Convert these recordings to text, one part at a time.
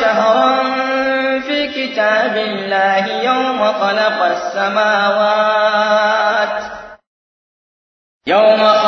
شهرا في كتاب الله يوم خلق السماوات يوم خلق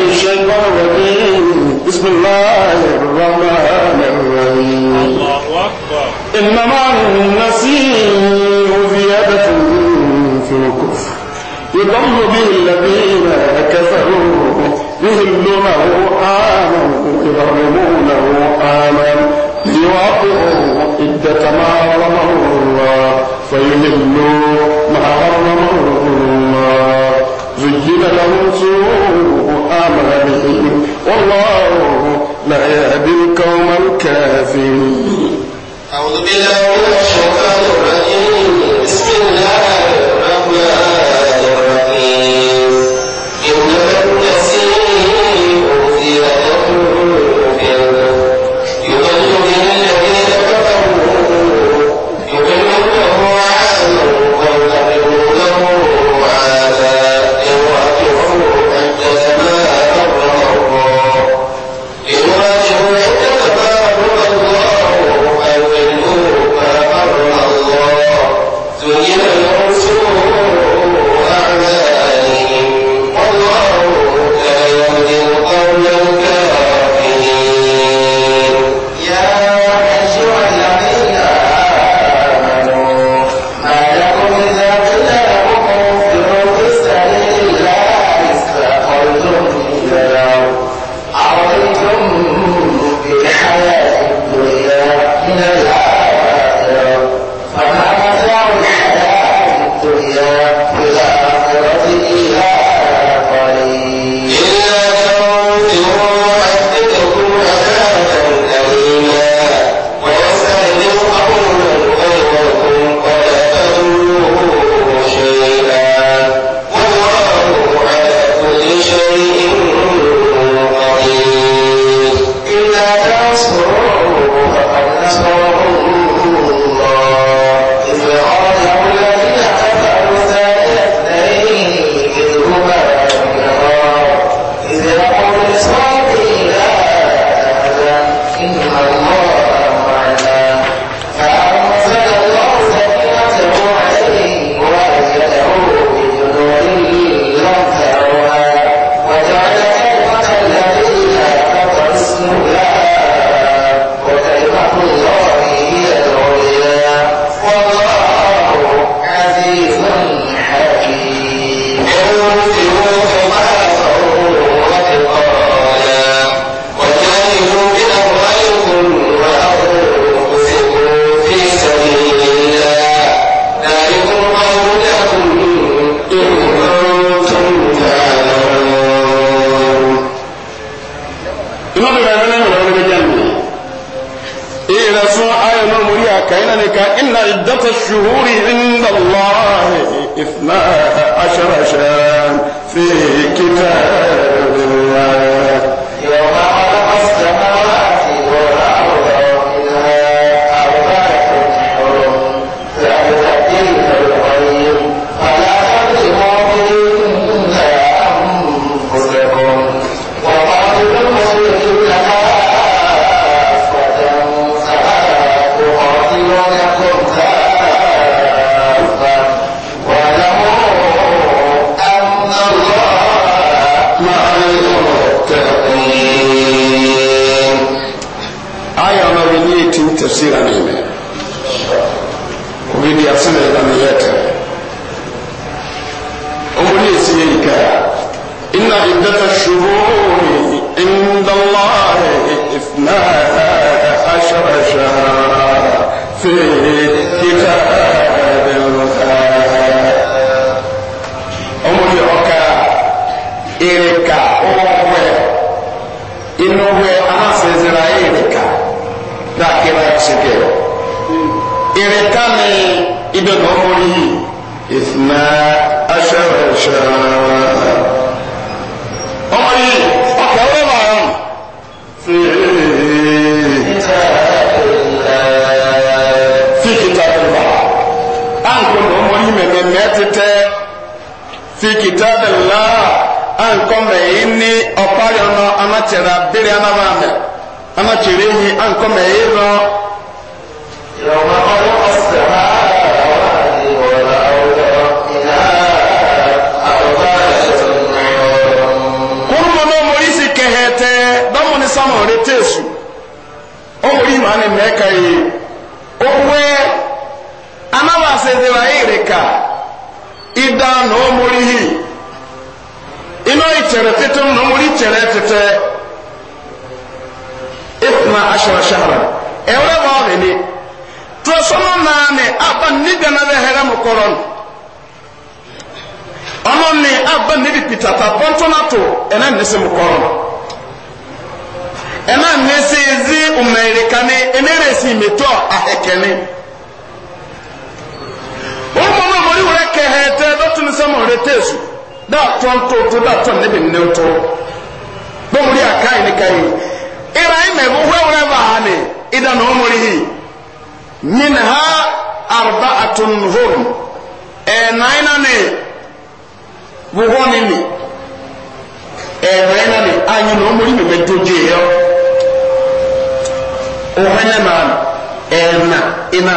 الرجيم بسم الله الرحمن الرحيم الله أكبر إنما النسيء زيادة في الكفر يضل به الذين كفروا يهلونه آمن يهرمونه آمن ليوافقوا عدة ما حرمه الله فيهلوا ما حرمه الله زين لهم سوء مغربهم والله لا يهدي القوم الكافرين أعوذ بالله من الشيطان الرجيم nkɔmɛ yi nɔ wọn tó tó dá tó níbi ní tó gbọmọdé àká ìníkàyè ìrà ìmẹ̀ wúwẹ́wúrẹ́ bá a ní ìdáná ọmọdé yìí min ha arba atun hom ẹ̀ náírà ní wúwọ́ ní ní ẹ̀ náírà ní ayé ní ọmọdé mi bẹ dojú yẹ ọ̀hún ẹ̀ náà ẹ̀ nà iná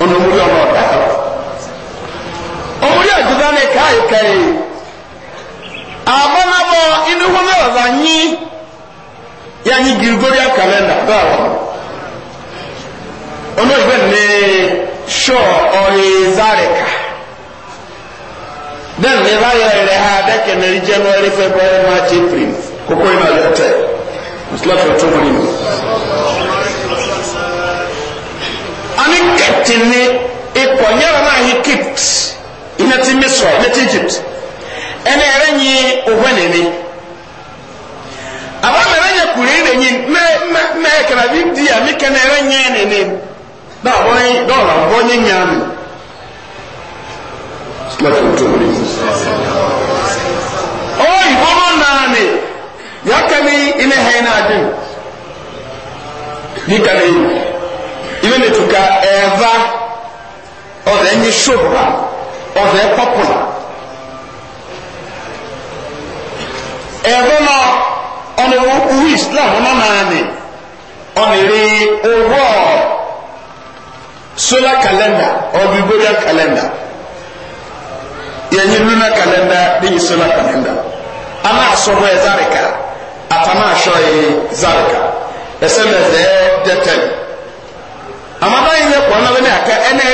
ọ̀nà ọmọdé ọmọ ọ̀dà ọmọdé àjùdá ní káyìí káyìí. abanyi yanyi gregorian calendar báwo ono ìgbẹ́ ní sọ ọ̀rẹ́ zareka then ní báyọ̀ rẹ̀ ha dẹ́kẹ̀ ní january february march april kókó iná lọ tẹ̀ mùsùlùmí ọ̀tún wọlé mi. ani kẹtì ní ikọ̀ nyẹ́rọ náà yí kipt iná ti misra egypt ẹni ẹ̀rẹ́ nyi òhwẹ́ aba mere nye kwuru ne nyi mɛ mɛ mɛ kana bi di na mi nye na bɔ nyi dɔw la bɔ nyi nyaa mi. oyi bɔbɔ naani yakani na adi ni kani ibe eva tu ka ɛɛva ɔdɛ nyi sobra ɔdɛ ọ̀nà owó islam ọ̀nà náà ni ọ̀nà rí owó solar calendar or gregorian calendar yẹn lunar calendar ní solar calendar na asọ̀rọ̀ ẹ̀ zarika àtàná zarika ẹsẹ̀ lẹ̀ amada yìí yẹ kọ́ ọ̀nà lẹ́nu àká ẹ̀nà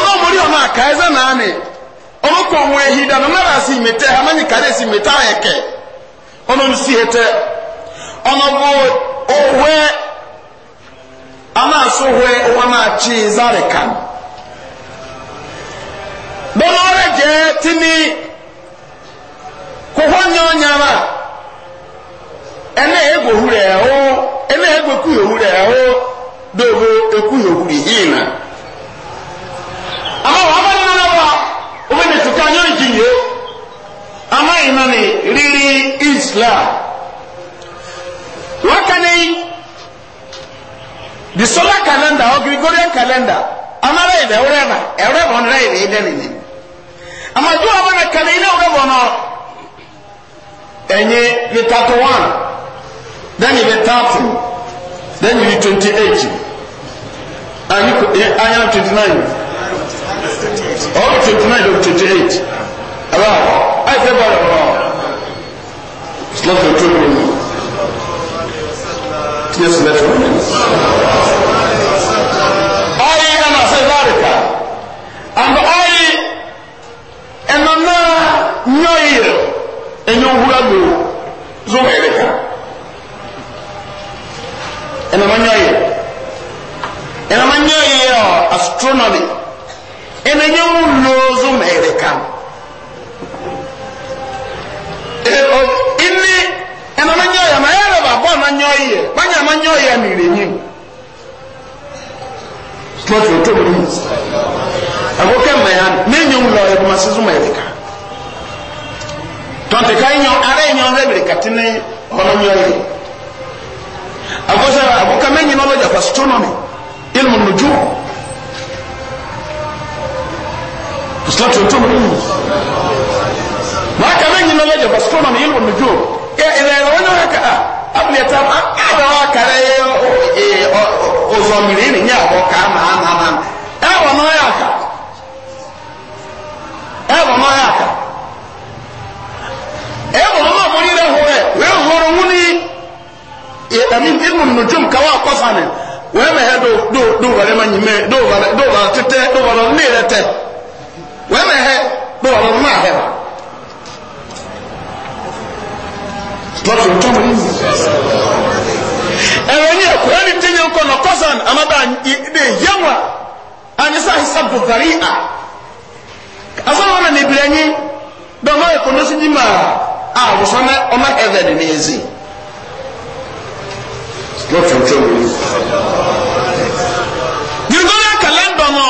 olóòmórí ọ̀nà àkàẹ́sẹ̀ ka eze naanị ọmọ ẹ̀hìn dáná náírà na ìmẹ̀tẹ́ si kàdé sí ìmẹ̀tẹ́ àyẹ̀kẹ́ ọ̀nà sí ẹ̀tẹ́ ọ̀nà bó òwe anáàsóhwe wọn náà kyi zárìkà bọ́lá ọ̀rẹ́ jẹ́ tìmí kò hó nyọ́nyára ẹnna egwu ohuru ẹnna egwu ekwu ohuru egwu dòwò ekwu yìí náà. ama wa ama nina na wa omi ne tuka nyɛ nkinye ama ina ne riri islam wakani the solar calendar or gregorian calendar amara yi da ɛwura na ɛwura bɔ nira yi da yi da ne ne ama ju ama na kala yi na ɛwura bɔ na ɛnye the thirty one then the thirty then the twenty eight and you anya twenty nine ọ̀rọ̀ twenty nine or twenty eight ẹ̀rọ àìsẹ́ bá rẹ̀ wọ́n lọ́sọ̀ tó lè mú tí yẹ sílẹ̀ tó lè mú. ọ̀rẹ́ yìí náà ṣe bárìkà and ọ̀rẹ́ ẹ̀nà náà nyọ́ yìí ẹ̀yọ́ wúrà lò zọ́wọ́ ẹ̀rẹ́ kan ẹ̀nà máa nyọ́ yìí ẹ̀nà máa nyọ́ yìí ọ̀ astronomy ene nye wulozo mɛɛrɛ kan e, ini ena ma nyɔya ma yɛrɛ ba bɔ ma nyɔyɛ ma nya ma nyɔya mi le nyi tɔtɔ tɔ mi ako kɛ mɛ ya ne nye wulɔ yɛ ma sisu mɛɛrɛ kan tɔnte ka nyɔ ara nyɔ ne bere kati ne ɔno nyɔyɛ ako sɛ ako kɛ mɛ nyina ilmu nujum. islatu otu mu nimu na aka na nyina lagya ba sukuu na ne yɛlɛ wɔ ne dwom ɛ ɛnna ɛnna wɔn nyɛ ka a abu yɛ tam ada aka ka wa do do ma do do tete do wee mẹ́ hẹ́ pé ọ̀rọ̀ ọ̀rọ̀ náà hẹ́ wa. lọ́tù tó mọ̀ nínú. ẹ̀rọ ní ẹ̀kọ́ ẹni tí yẹn kọ́ nà kọ́sán amaba ẹ̀ yẹn wa anisa hisabu vari a. asọ́nà wọn nà ebire nyi dọ́mọ ẹ̀kọ́ ní sinji ma a wọ́sán mẹ́ ọmọ ẹ̀fẹ̀ ní ní ezi. lọ́tù tó mọ̀ nínú. Gregorian calendar náà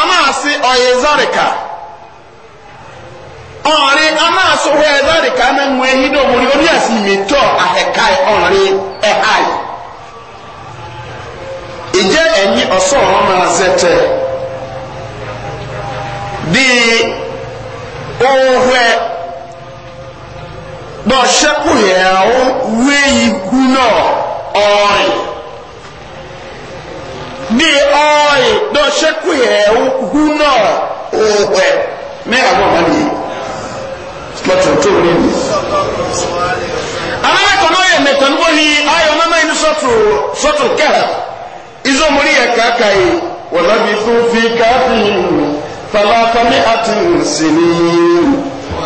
ọmọ ọ̀rẹ́ anáàsọ̀rọ̀ ẹ̀dá rìkà náà ka wọ nwee ihe wọlé orí àti ìmẹ̀tọ́ àhẹ̀ká ọ̀rẹ́ ẹ̀há yìí. ìjẹ́ ẹ̀yìn ọ̀sán ọ̀rọ̀ náà zẹ̀tẹ̀ bí ohun ẹ̀ bọ́ ṣẹ́kù yẹ̀ ọ́ wéyìí hu náà ọ̀rẹ́ bí ọ̀rẹ́ bọ́ ṣẹ́kù yẹ̀ ọ́ hu náà òhùn lọ́tún tó ní ìlú. Amẹ́kọ̀ọ́ náà yẹ mẹ́tọ̀ níbo ni ayọ̀ náà inú sọ́tù kẹ́hà. Izo mori yẹ kàkà yìí, wọ́n lábí fún fi káàpì falafami àti nsìnì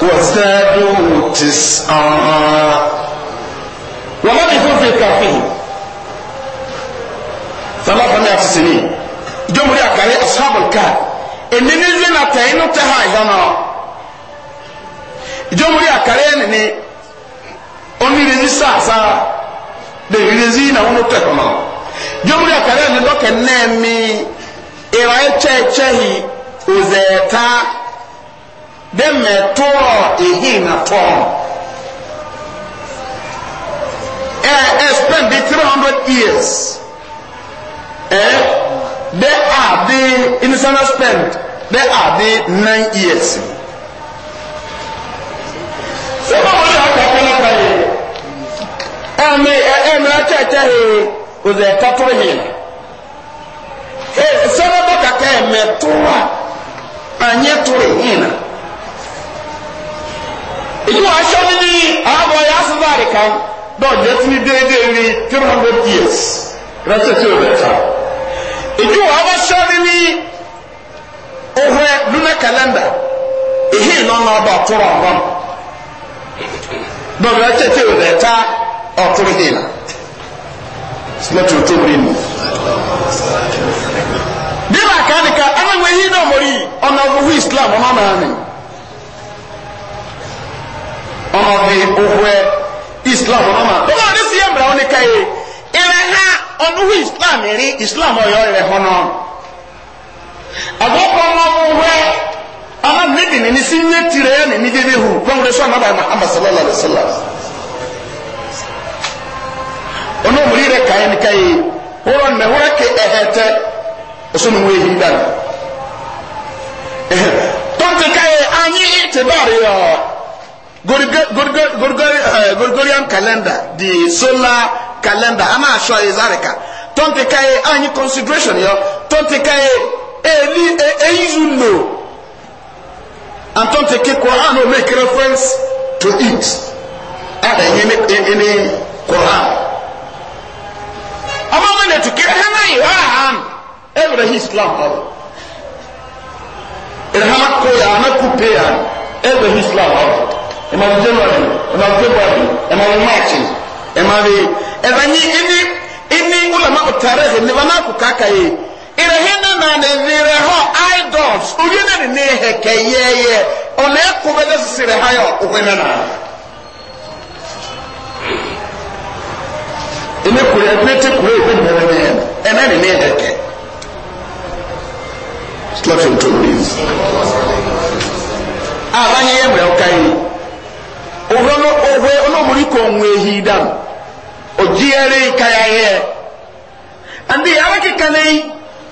wọ́n sẹ́dù tì sàn. Wọ́n lábí fún fi káàpì falafami àti nsìnì. Ijo mori àkàrí asábàlùkà. Èmi ní Zina tẹ̀yìn tẹ̀ ha ìdáná ìjọmọ̀rí àkàrẹ́ ẹ̀nìní onírèzí sàásàá lè rírèzí ìnáwó ló tẹ̀ kọ́nà ìjọmọ̀rí àkàrẹ́ ẹ̀nìní lọ́kẹ̀ náà mi ìrà ẹ̀chẹ́ ẹ̀chẹ́ yìí òzẹ̀ẹ̀ta dẹ́mẹ̀tọ́ ìhìn nàtọ́ ẹ̀ ẹ̀ spend the three hundred years ẹ̀ there are the innocent. spend there are the nine years ṣé báwo ni àkàkọ́ ní ká yẹ ẹ̀mí ẹ̀mí ẹ̀kẹ́kẹ́ he òzè tọ́tún yìí he sọ́dọ̀ bọ́ kàkẹ́ ẹ̀mí tó wa ànyẹ tó yìí nà èyí wàá sọ ní ní àbọ̀ yà sọ́dọ̀ àríkà dọ́ọ̀ jẹ́ tí ní déédéé ní three hundred years rẹ́sẹ̀ tí o lè ta èyí wàá wọ́n sọ ní ní ẹ̀ lunar calendar èyí ìnáwó náà bá tó ọ̀gbọ́n dɔbɔ tete o bɛ taa ɔtɔrɔ yi la sinɛtɔ tó biri mu. bíbá kan nìkan ɛna wo eyi náà mori ɔnà owó islam ɔmá náà ni ɔnà bi owó islam ɔmá náà bíbá ɔdí si yẹ mìíràn wọn nìkan yìí ìrẹ ha ɔnà owó islam rí islam ɔyọ ìrẹ hɔ náà àgbo kọ́ ɔnà owó ama nebi ni nisi nye tire ya ni nige bi hu kwan wuli sɔn naba muhammad sallallahu alaihi wa sallam ono omuli yɛrɛ kaayɛ ni kaayɛ wɔrɔ mɛ wɔrɔ ke ɛhɛ tɛ osunu wo ehi dan tɔnti kaayɛ anyi ite baari yɔ gorigorian calendar di solar calendar ama asɔ ezarika tɔnti kaayɛ anyi consideration yɔ tɔnti kaayɛ eyi zu lo. and don't take Quran no make reference to it. Ada in any Quran. Among the to get him Quran, every Islam of it. Ilham Koya, Nakupea, every Islam of it. Am I January? Am I February? Am I Marching? Am I the. Ever any, any, any, Ulama Tarek, never Nakukaka. irehene na nevire ho idols uyene ne heke yeye ona ekubele sisire hayo ukwena na ene kure epete kure ebe mere ne ene ne ne heke slot in two days abanye ye mre okai ogono ogwe onomuri ko nwe hidam ojiere ikayaye andi yawake kanei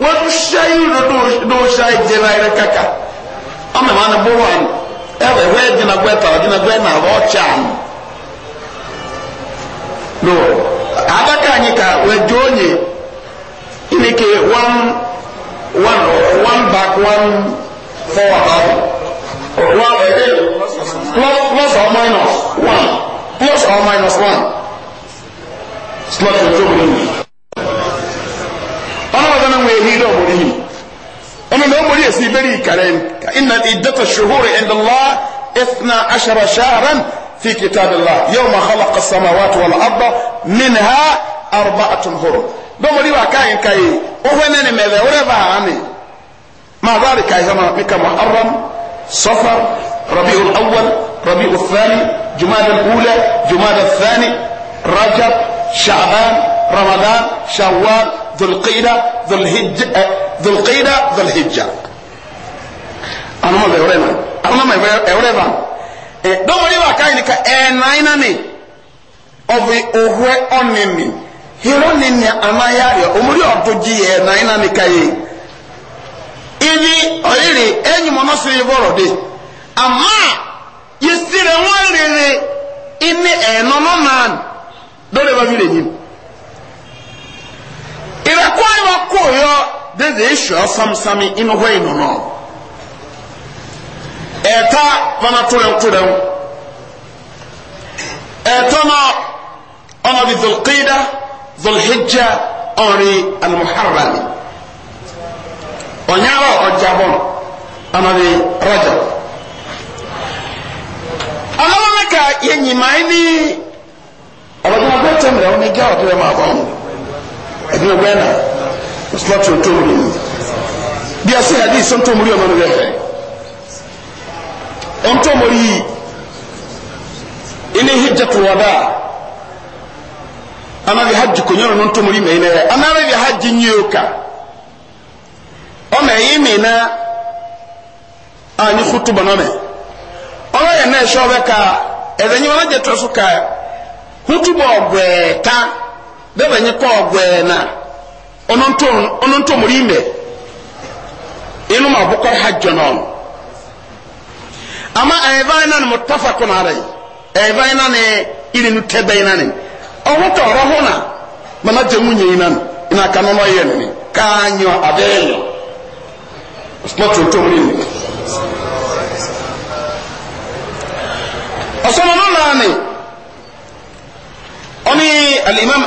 wọn tún ṣá yìí ló ṣá ìjẹba rẹ kàkà ọmọ ìwà ni búrọ àná ẹwẹ ẹwẹ ẹdínàgbọ ẹta ọdínàgbọ ẹnà ọwọ ọchà àná no adaka anyị ka weje onye inike one one one back one forward one eh, eh, plus plus or minus one plus or minus one slot ojú أنا يعني لو مري سيبري كريم إن عدة الشهور عند الله اثنا عشر شهرا في كتاب الله يوم خلق السماوات والأرض منها أربعة هرم لو مري وكاين كاي أهنا ماذا ورفع عني مع ذلك أيضا بك محرم صفر ربيع الأول ربيع الثاني جماد الأولى جماد الثاني رجب شعبان رمضان شوال ذو القيدة ذو الهجة ذو القيدة ذو الهجة أنا ما بيورينا أنا ما بيورينا دم ريبا كاين كا ناينا ني أبي أهوى أنني hero ni eh, ni ama yari omuri ọdọji yẹ na ina ni ka ye ibi ọyiri enyi mọ nọsiri bọrọ de ama yesire wọn rere ini ẹnọ eh, nọ nan dọlẹ bá mi lè yin ìrẹ́kọ́ ìwà kò yọ dédé ìṣù ọ̀sámsámi inú hó inú náà ẹ̀ta fanató rẹ̀ tó rẹ̀ ẹ̀tọ́ náà ọ̀nà bíi zulqida zulhijja ọ̀rẹ́ alimuharrami ọ̀nyára ọjà bọ̀n ọ̀nà bíi rajab ọlọ́wọ́n mẹ́ka yẹ nyìmáyé ní ọ̀rọ̀ yẹn abẹ́tẹ̀ mìíràn ní gẹ́ ọ̀dọ́ ẹ̀ máa bọ̀ ọ̀hún ẹ̀dín ọgbẹ́ náà ọ̀sùlọ́tì ọ̀tọ́mùrì yìí bí a ṣe àdí ìsọ́ntọ́mùrì ọmọ rẹ̀ fẹ́ ọ̀ntọ́mùrì yìí ilé hijjatu wada anabi hajj kò nyɔnu n'ọ̀ntọ́mùrì mẹ́yìn náà anabi hajj nyíyó ká ọmọ ẹ̀yìn mìíràn a ní kútùbọ̀ náà mẹ́ ọmọ yẹn náà ẹ̀ṣọ́ bẹ́ ká ẹ̀rẹ̀ nyẹ́ wọn jẹ́ tọ́sù ká kútùbọ̀ ọ̀gbẹ̀ẹ́ta. bẹ́ẹ̀ nyẹ kọ́ ọ̀gbẹ́ẹ̀nà ọ̀nọ́ntòmùrí ime inú ma bukọ́ hajj n'ọnụ. ama ẹ̀ẹ́báyé na ni mo tafa kọ́ náà rẹ̀ na náà iri irinu tẹ́bẹ́yé na ni na mama jẹ́ mu nyẹ́yìn náà ina ka nọ́nọ́ yẹ nìyí káànyọ nto naa ni. الإمام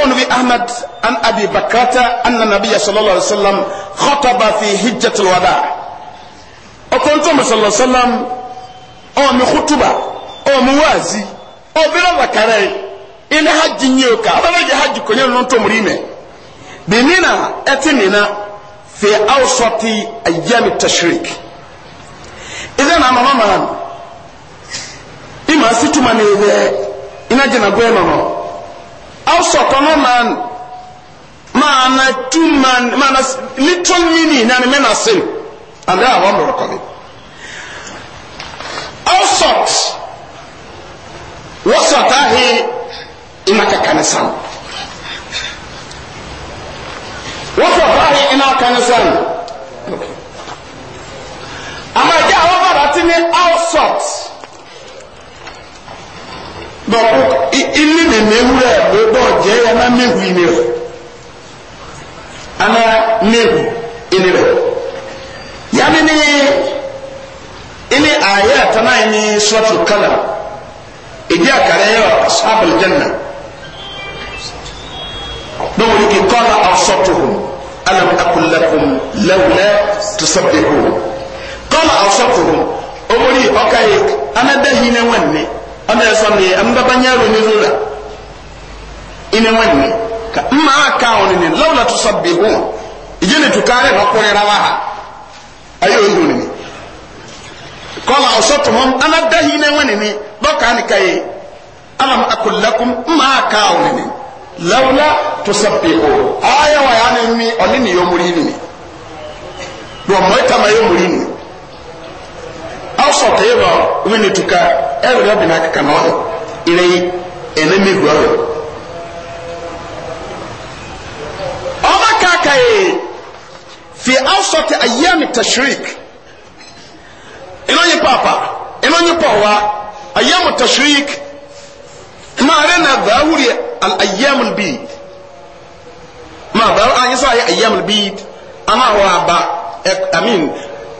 هون في أحمد أن أبي بكرة أن النبي صلى الله عليه وسلم خطب في حجة الوداع أكنتم صلى الله عليه وسلم أو خطبة أو موازي أو بلا ذكري إن حج نيوكا أبدا حج كنيا ننتم ريمة بنينا أتنينا في أوسط أيام التشريك إذا أنا ماما إما ستما نيذي إنا جنا قوي awusɔtɔnɔ man maana tu man maana little mini nani mɛ na se ale a wɔn lɔrɔ kɔbi awusɔt wɔsɔt ahi ina kaka ne san wɔsɔt ahi ina kaka ne san amadi awɔ fara ti ni awusɔt. dɔkɔ ili na-eme rɛ o bɔ ọjọọ ya na mewu ini ana mewu ini ya yanni ni ini ayɛ tana yi ni sọtụ kala ìdí àkàrà yɛ asábìlì jenna n'oge yi ki kɔla asɔtu hù alam akulakum kɔla ɔka ɔna yɛ sɔn ne ɛmu baba nyɛ ronyi ro la ina wani ne ka mma aka wɔn ne lawla to sɔ bi ho iye ne tu kaare na ɔkɔre ra wa ha ayɛ oyi ne ne kɔla ɔsɔ to hɔn ana dahi ne wani ne dɔka ne ka ye alam akulakum mma aka wɔn ne lawla to sɔ bi ho ayɛ wa ya ne mi ɔne ne yɔmuri ne ne dɔn mɔ ita ma yɔmuri ne ne awusɔtɔ yi lɔ omi ne tuka ɛwɛ lɛ ɔbɛn akeka na ɔyɛ ire yi ɛnɛ mi gu ɔyɛ ɔba kaka yi fi awusɔtɔ ayémi tashirik ɛnɛ onye paapa ɛnɛ onye pɔwa ayémi tashirik maa na baawuri al ayémi biid maa baawuri anyi sɛ ayé ayémi biid ana hɔ aba ɛ amin.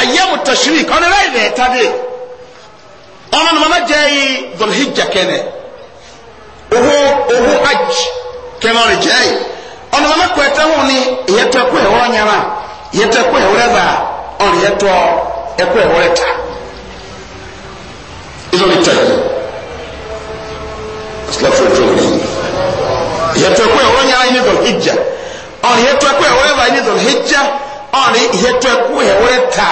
ayyamu tashrik ɔno na yɛ ɛtade ɔno na mama gya yi dɔlhijja kɛnɛ oho oho hajj kɛnɛ ɔno gya yi ɔno mama kɔ ɛtɛ ho ni yɛtɔ ɛkɔ ɛwɔrɔ nyara yɛtɔ ɛkɔ ɛwɔrɔ ba ɔno yɛtɔ ɛkɔ ɛwɔrɔ ta ɛdɔn ta yi asilafo jɔnni yɛtɔ ɛkɔ ɛwɔrɔ nyara yi ni dɔlhijja ɔno yɛtɔ ɛkɔ ɛwɔrɔ ba yi ni dɔlhijja ɔne yɛtɔ ɛku ɛwɔre ta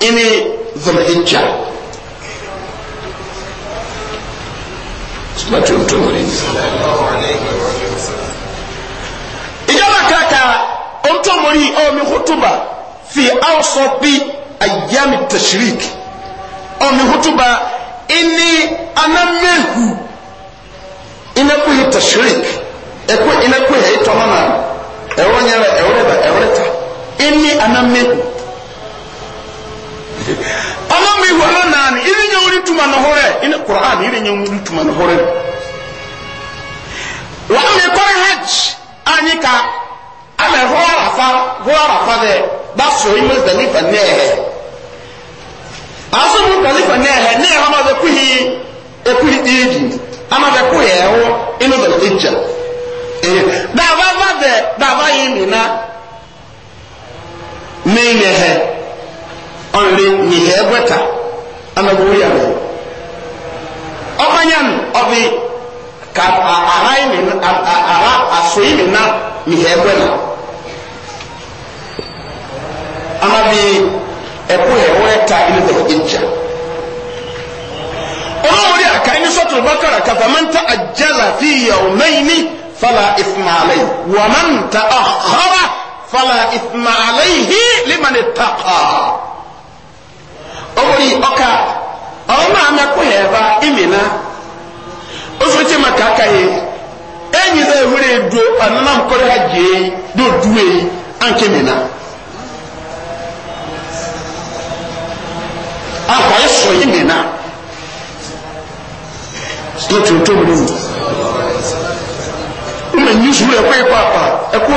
ɛne zɔlɛhijja suma tuntum re ìjọba kaka ontomori ɔmi hutuba fi awusɔ bi ayami tashirik ɔmi hutuba ɛni anamehu inakuhi tashirik ɛku inakuhi ɛtɔmana ɛwɔ nyɛrɛ ɛwɔrɛ inni anammeku ọmọ mi wọ ọ naani iri nye tuma na hore ina qur'an iri nye wuli tuma na hore wa mi kɔrɔ hajj anyi ka ama hɔra rafa hɔra rafa dɛ ba yi muzalifa ne yɛ aso muzalifa ne yɛ ne bɛ kuhi ekuhi ama bɛ kuhi bɛ dɛ yi mina. meyɛhɛ ɔnre nyehɛ bɛta anabowori ano ɔbɛnyam ɔbi ka arai ne ara asoi ne na nyehɛ bɛ na anabi ɛko hɛ wɔɛta ne dɛ ɛgya ɔnawori aka ne sɔtoro bakara kafamanta ajala fi yawmaini fala ifma alayhi waman fala ithma alayhi liman ittaqa owori oka ọma amekwa heba imina osoche maka aka ya enyi za ehuri edo anana mkọrọ ha jee dodue anke mina akwa eso yi mina sotu ntomri mu mmenyi suru ekwe kwa akwa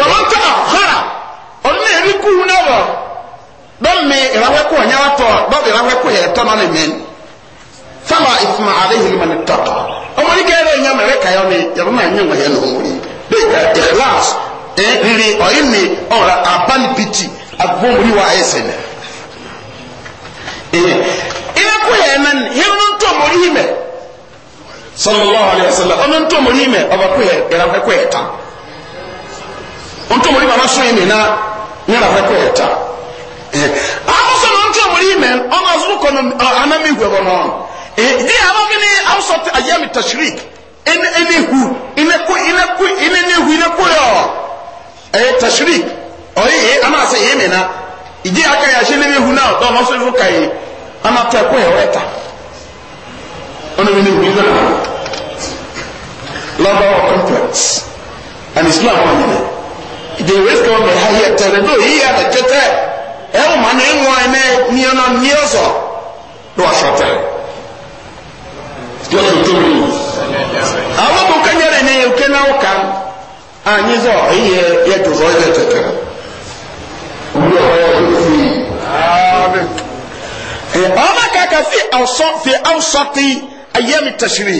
wọ́pọ̀tọ̀ ọ̀hárà ọdún èrí kú náà wọ̀ dọ́mi ìràwẹ́kọ̀ ọ̀nyáwàtọ̀ dọ́mi ìràwẹ́kọ̀ yẹ tọ́ náà lè ya fáwọn ìfúnma àlehìn ní mọ̀lẹ́ tọ́ ọmọ ní kẹ́rẹ́ ẹ̀yà mẹ́rẹ́ kàyọ́ ni yàrá náà nyẹ́ wọ̀nyẹ́ ní òun rí ìkìláàs rírì ọ̀yìn ni ntomori ba naso yin na ne na hwekɔ ɛta ahosuo na ntomori yi mɛn ɔno asoro kɔ no anam ihu ɛwɔ no di ama mi ni ahosuo te tashrik ɛne hu ne hu tashrik na ìdí aka yɛ na ɔdɔ and islam ìdè ìwé sikẹ́ wọn bẹ̀rẹ̀ ayé ẹ̀tẹ̀rẹ̀ ló yí àtẹ̀tẹ̀ tẹ̀ ẹ̀ wọ́n mọ̀ ní wọn ẹ̀ náà ní ọ̀nà ní ọ̀sọ̀ ló wà sọ̀tẹ̀ yóò tó tóbi yìí. àwọn tó kẹ́nyẹ́rẹ́ ní òkè náà kàn ányi zọ èyí yẹ yẹ tó zọ yẹ tẹ̀tẹ̀ ọmọ kàkà fi awusọ fi awusọ ti ayé mi tẹ̀sírí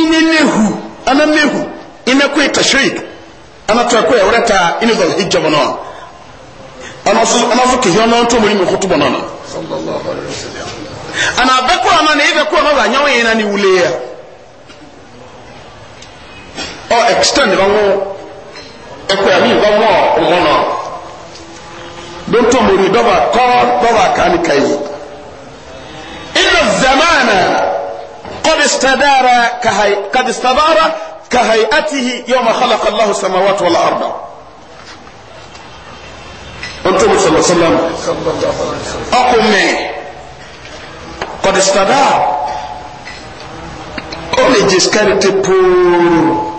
ìnẹ́nẹ́hu ẹnẹ́nẹ́hu ìnẹ́kùn tẹ̀sírí. ana to ko yawra ta ina zul hijja bono ana su ana su mi khutuba non sallallahu alaihi ana be ko ana ne be ko no ba nyawo ina ni wule ya o extend ba ngo e ko ba ngo o mo no don to muri do ba ko do ba kan kai inna zamana قد استدار كهيئته يوم خلق الله السماوات والأرض أنتم صلى الله عليه وسلم أقومي قد استدعى أولي جسكاري تبور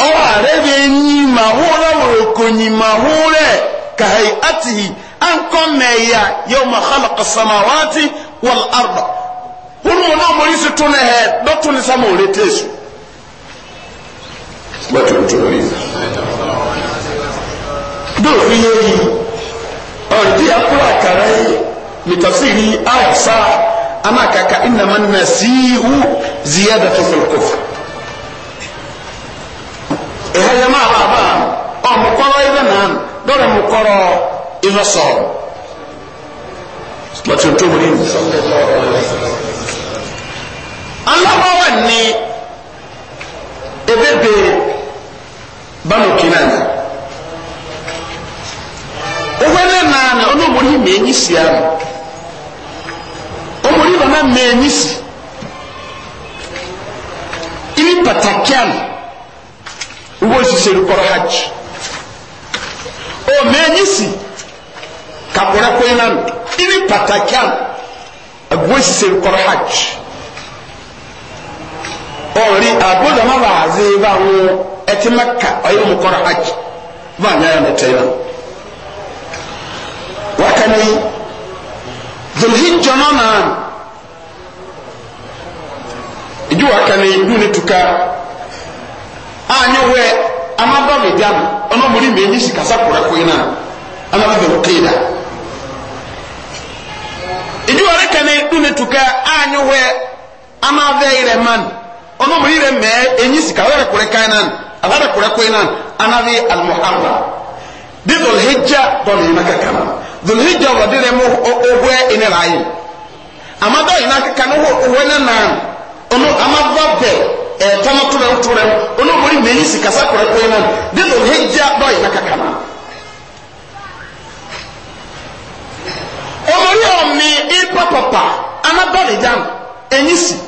أو ما هو لا وكوني ما لا كهيئته أنكم يوم خلق السماوات والأرض tóun náà mo ní sí tún ní hẹ dọ́tún ní sámà òré tẹ̀sù. bọ́tù tó rí dóò fi yé yìí ọ̀dí akúrò àkàrà yìí mìtàfsìrì àwòsá anákàkà ìnàmà nà síhù ziyada tó fẹ́ kófù. ìhàyà máa wà bá ọ̀mùkọ́rọ̀ ibẹ̀ náà dọ́rẹ̀ mùkọ́rọ̀ ibẹ̀ sọ̀rọ̀. bọ́tù tó rí aláwọ̀ wà ní ebébe bámu kínà ní wẹ́nẹ̀ náà ní ọ̀nà òmòrí mẹ́yìn sí àná òmòrí bàbá mẹ́yìn sí ibi pàtàkì àná wọ́n sì ṣe lukọ́rọ̀ hajj o mẹ́yìn sí kakura kóyin ibi pàtàkì àná wọ́n sì ṣe hajj ɔri abudu ma ba aze ba ŋo ɛti ma ka ɔyɛ mu kɔrɔ hajj ba nya yɛ nɛtɛ yɛ wakani zulhin jɔnɔ na iju wakani du ne tuka a nyɛ wɛ ama ba mi da mu ɔno mo ni mɛ si kasa kura koyi na ama bi bɛn kii da iju wakani du ne tuka a nyɛ wɛ ama bɛ yɛrɛ man ono mrire me enyi sika wala kure na ala kure kainan anabi al muharram de dul hijja dol yinaka kana dul hijja wa dire mo ogwe ine rayi ama do yinaka kana ho wena na ono ama babbe e tama ture ture ono mri me enyi sika sa kure kainan de dul hijja do yinaka kana omori omi ipapapa anabari jam enyi sika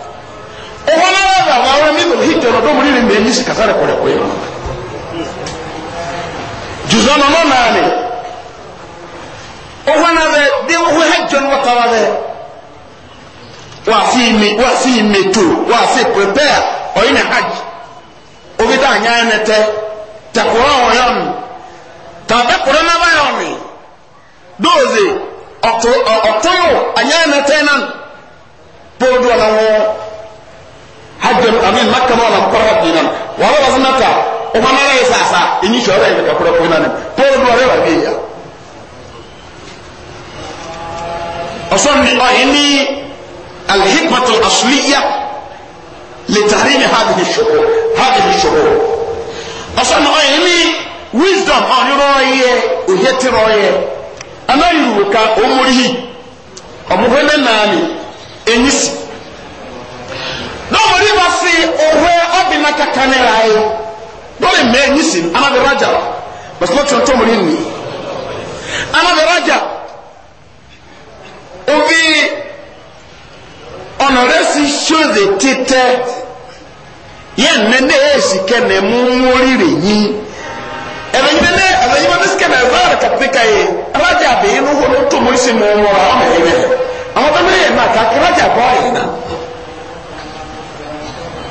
ohun aláwọ̀ àwọn ará mi lòlí ìtẹ̀rọ tó mú rírì mẹ́yìn sí kàtà rẹ̀kọ̀rẹ̀kọ̀ yìí jùzọ́ nọ náà náà ni ohun aláwọ̀ dé ohun hẹ́jọ ní wọ́n tọ́wọ́ rẹ̀ wà sí ìmètò wà sí pẹ̀pẹ́ ọ̀yìn ní hajj amin makka ma lan parwa dinan wala wasnaka o manara ya sasa ini shora ya ka kura kuinan to do re wa biya اصلا اني الحكمه الاصليه لتحريم هذه الشهور هذه الشهور اصلا اني wisdom on oh, roye ohete roye ana yuruka omurihi omuhene nani enyisi lọ́wọ́rí bá fi òwe ọ́bìnà kankan ní ra yìí lórí mẹ́ẹ̀ ní sìn anábẹ́rájà pẹ̀sìmọ́ tí wọ́n tó mọ̀rí nìyí anábẹ́rájà òbí ọ̀nàrẹ́sì ṣòdè títẹ́ yẹn nẹ́nẹ́ èsì kẹ́nẹ̀ mú mórí rè yín ẹ̀rọ yìí nẹ́nẹ́ ẹ̀rọ yìí wọ́n ti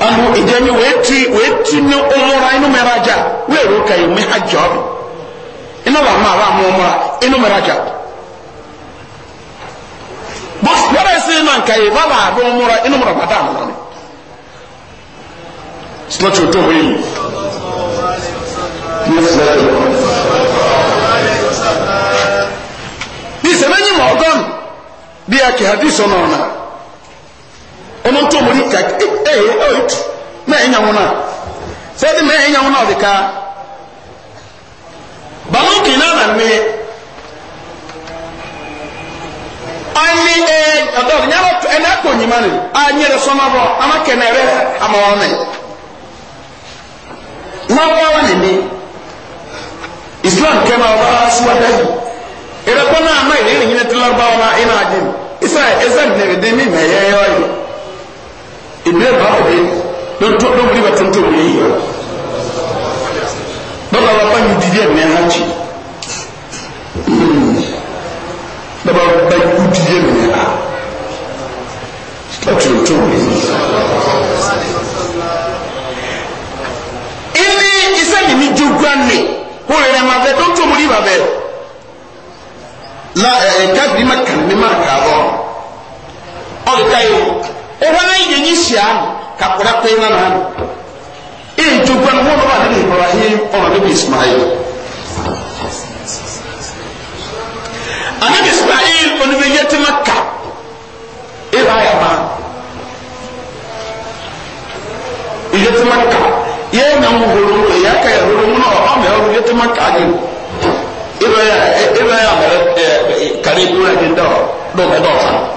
anu ìjẹni wèé ti wèé ti ní ọmọra inú mẹrajà wèé ro ka yomi hajj ọdún inú wà má wà mú ọmọra inú mẹrajà bọ́s bọ́dà ẹ̀sìn náà nǹka yìí bá wà àdó ọmọra inú mọ̀rọ̀ bàtà àmọ́ ni sinọ́tì òtó wọ́n yìí ní sinọ́tì òtó wọ́n yìí. bí sẹ́mẹ́yìn mọ̀ ọ́gọ́n bí a kì í hadith ọ̀nà ọ̀nà ọmọ tó mọ̀ ní ká ee eh, eh, oit oh, mẹ́ẹ̀ nya wọn náà sẹ́ni mẹ́ẹ̀ nya wọn náà ọ̀dì ká bàmúkì náà nà mí anyi ee eh, ọ̀dọ́ ọ̀dì nyẹ́ ọ̀tọ̀ ẹ̀ n'akọ̀ ni anyi rẹ̀ sọ́mà bọ̀ ama kẹ́nà ẹ̀rẹ́ ama wọn mẹ́ n'awọn wọn nìní islam kẹ́mà ọba síwájú ẹ̀rẹ́ kọ́ náà ama ìrírí yìí ní tìlábà wọn náà ẹ̀ náà dín israẹ̀ ẹ̀sẹ̀ nìyẹn dín ní mẹ́ẹ̀ẹ́ yìí ìbílẹ̀ bá wọ̀ dé lórí bá tuntun wòye yìí bàbá wa bá yin didi ẹ̀mí ẹ̀ hàjì bàbá wa bá yin didi ẹ̀mí ẹ̀ hà lọ́tún tó wòye yìí. ìní iṣẹ́ mi ní jókòó ni wọ́n rẹ̀ máa bẹ tó ń tó wòye bàbá ẹ̀ la ẹ̀ ẹ̀ jáde ní ma kàn ní ma kà á bọ̀ ọ̀ lè ɛhɔ no yɛ nyi hyia no kakora kwe na na no ɛntu gua no hono ade ne ibrahim ɔno oh, ne bi ismail anabi ismail ɔno bɛ yɛ tema ka ɛba yɛ ba yɛ tema ka yɛ na mu horo mu yɛ ka yɛ horo mu na ɔmɛ ɔno yɛ tema ka ne mu ɛba yɛ ɛba yɛ abɛrɛ ɛɛ kare bi wɔ ɛdi dɔ dɔ bɛ dɔ fa.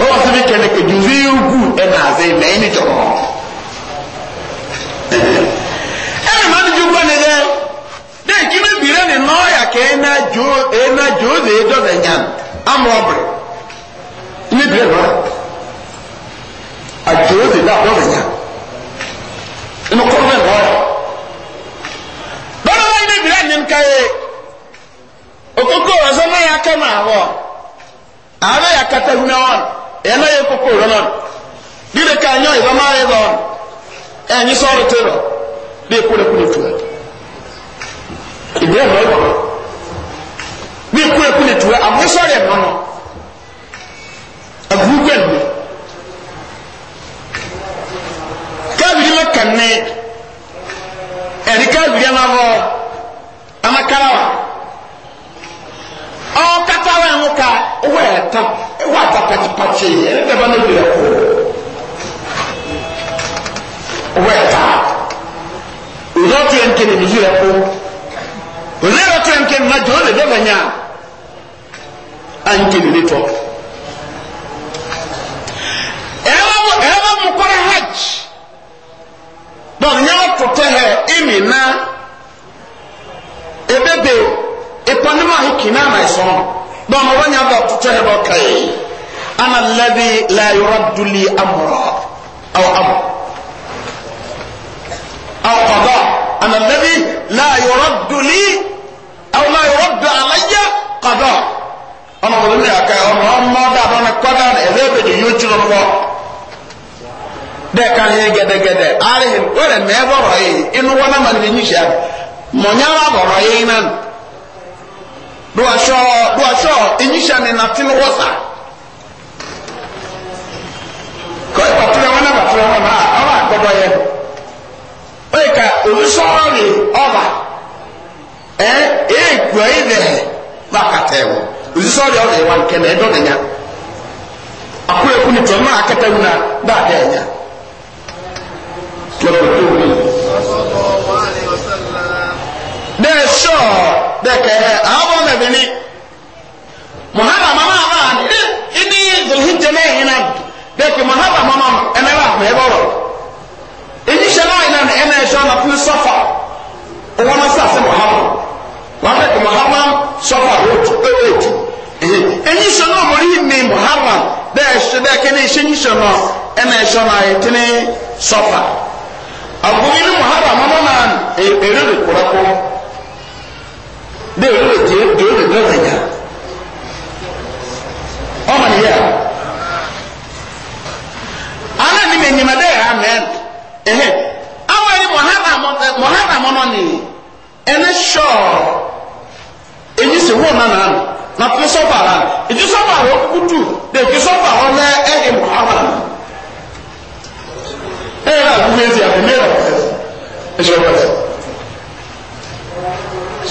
wọ́n wá síbi kẹ̀lẹ́kẹ̀ jù sí irúgbù ẹ̀nà àti mẹ́yìn níjọba. ẹnì máa ní ju gbọ́ni yẹ dé ìkíni bìrẹ́ ni nọ́ọ̀yà kẹ́ ẹ̀ná jò ẹ̀ná jò ó lè dọ̀dẹ̀ yàn amọ̀ ọ̀bẹ̀rẹ̀ ní bìrẹ́ rẹ̀ àjò ó lè dọ̀dẹ̀ yàn inú kọ́ bẹ́ẹ̀ nọ́ọ̀yà. bọ́lá wáyé ní bìrẹ́ ni nkáyé òkókó ọ̀sán náà yà kẹ́ máa wọ̀ àárẹ̀ yà kẹ́tẹ́ gbìmọ̀ e yɛ kokoro no dide ka nyɔ yi bama yɛ dɔn ɛnyi sɔɔri te dɔ de kure kure tura ìdí ɛmɔ yɛ dɔn de kure kure tura àmì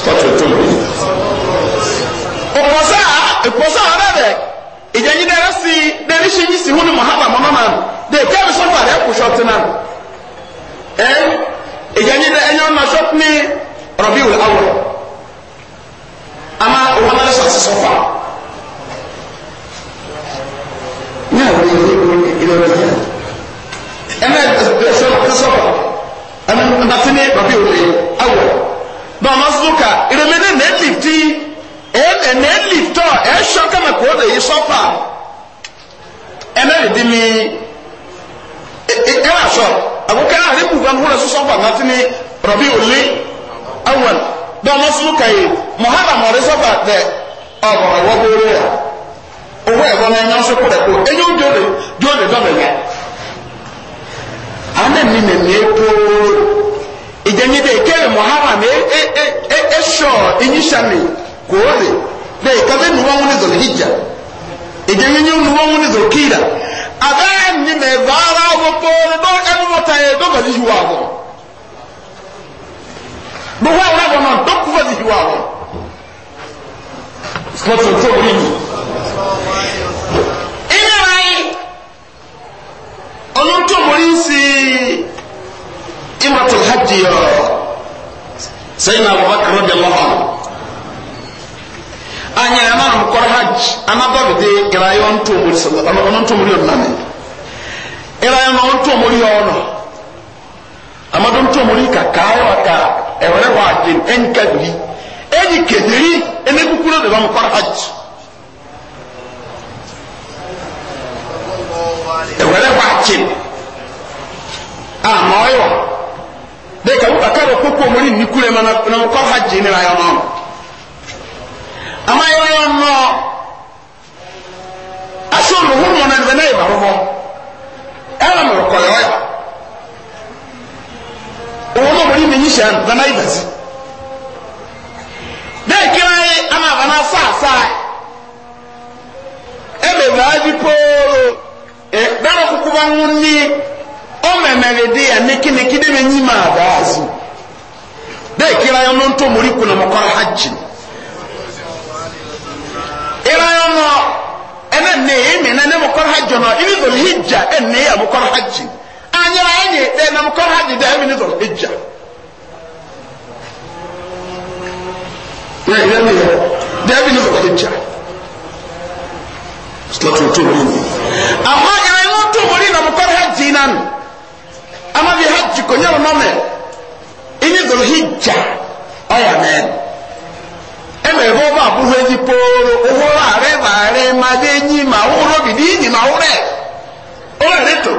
sọtò tó lè. òpòsá òpòsá ọ̀rẹ́ rẹ̀ ìjẹ́yìn dẹ́rẹ́ sí dẹ́rẹ́ ṣe yìí sí húnú mahama mọ́nà náà dé kẹ́mi sọ́fà rẹ̀ kù sọ́tì náà. ẹ ìjẹ́yìn dẹ́ ẹ̀yọ́ máa sọ́tì ní rọ̀bì wò awọ̀ àmà òun náà sọ́tì sọ́fà. ní àwọn ilé ilé ilé ilé ẹ mẹ́rin sọ́fà ẹ mẹ́rin nàfínì rọ̀bì wò awọ̀ mama zuka iremene na elifti ene na elifto esho kama ko de isopa ene de di mi era so abuka ari bu ban hura sopa na tini rabi ulli awwal da masluka yi muharram ore sopa de ọbọrọ wọgbọrọ ya owó ẹ̀gbọ́n náà yẹn ń sọkọ rẹ̀ kó eyín ó jóde jóde dọ́bẹ̀ yẹn. àwọn ẹ̀mí mẹ̀mí ẹ̀ kóró denye de ke muharram e e e e sho inyi shani kole de kabe nuwa woni zul hijja e denye nyu nuwa woni zul kila aba ni me vara wo po do en wota e do ko ji wa go bo wa wa go non do ko ji wa go sports to ni ina rai olun to mo إمرة الحج يا سيدنا أبو بكر رضي الله عنه أنا أنا مكر حج أنا ببدي إرايون تومري صلى الله عليه وسلم تومري ونامي إرايون تومري أنا أما دون تومري كاكاو كا إرايون واجن إن كبري إني كدري إني بكرة دلما مكر حج إرايون واجن أما أيوه deka ukakaro koko muri nikure mana na uko haji ni la yono ama yo yono asulu hurmo na nzana iba roho ala mo ko yo ya uwo muri minyisha nzana iba zi deka ama bana sa sa ebe vaji polo e dara kukuba ngunni ɔmɛmɛlɛde yɛ nekeneke de bɛ nyima adaazi bɛɛ kira yɛ no nto mori kuna mɔkɔrɔ hajji ira yɛ no ɛnɛ ne yɛ mi na ne mɔkɔrɔ hajji no ibi zɔn hijja ɛnɛ e yɛ mɔkɔrɔ hajji anyira yɛ nye ɛ na mɔkɔrɔ hajji de ɛbi ne zɔn hijja yɛ yɛ mi yɛ da ɛbi ne zɔn hijja sila tuntun mi ni amma ira yɛ no nto mori na mɔkɔrɔ hajji na no. konyɛrɛ nɔmɛ inye dolo hijja ɔya mɛn ɛmɛ bɔ bɔ abuhu edzi pooro ohoro are vaare ma de nyi ma ohoro bi di nyi ma ohorɛ ohorɛ de to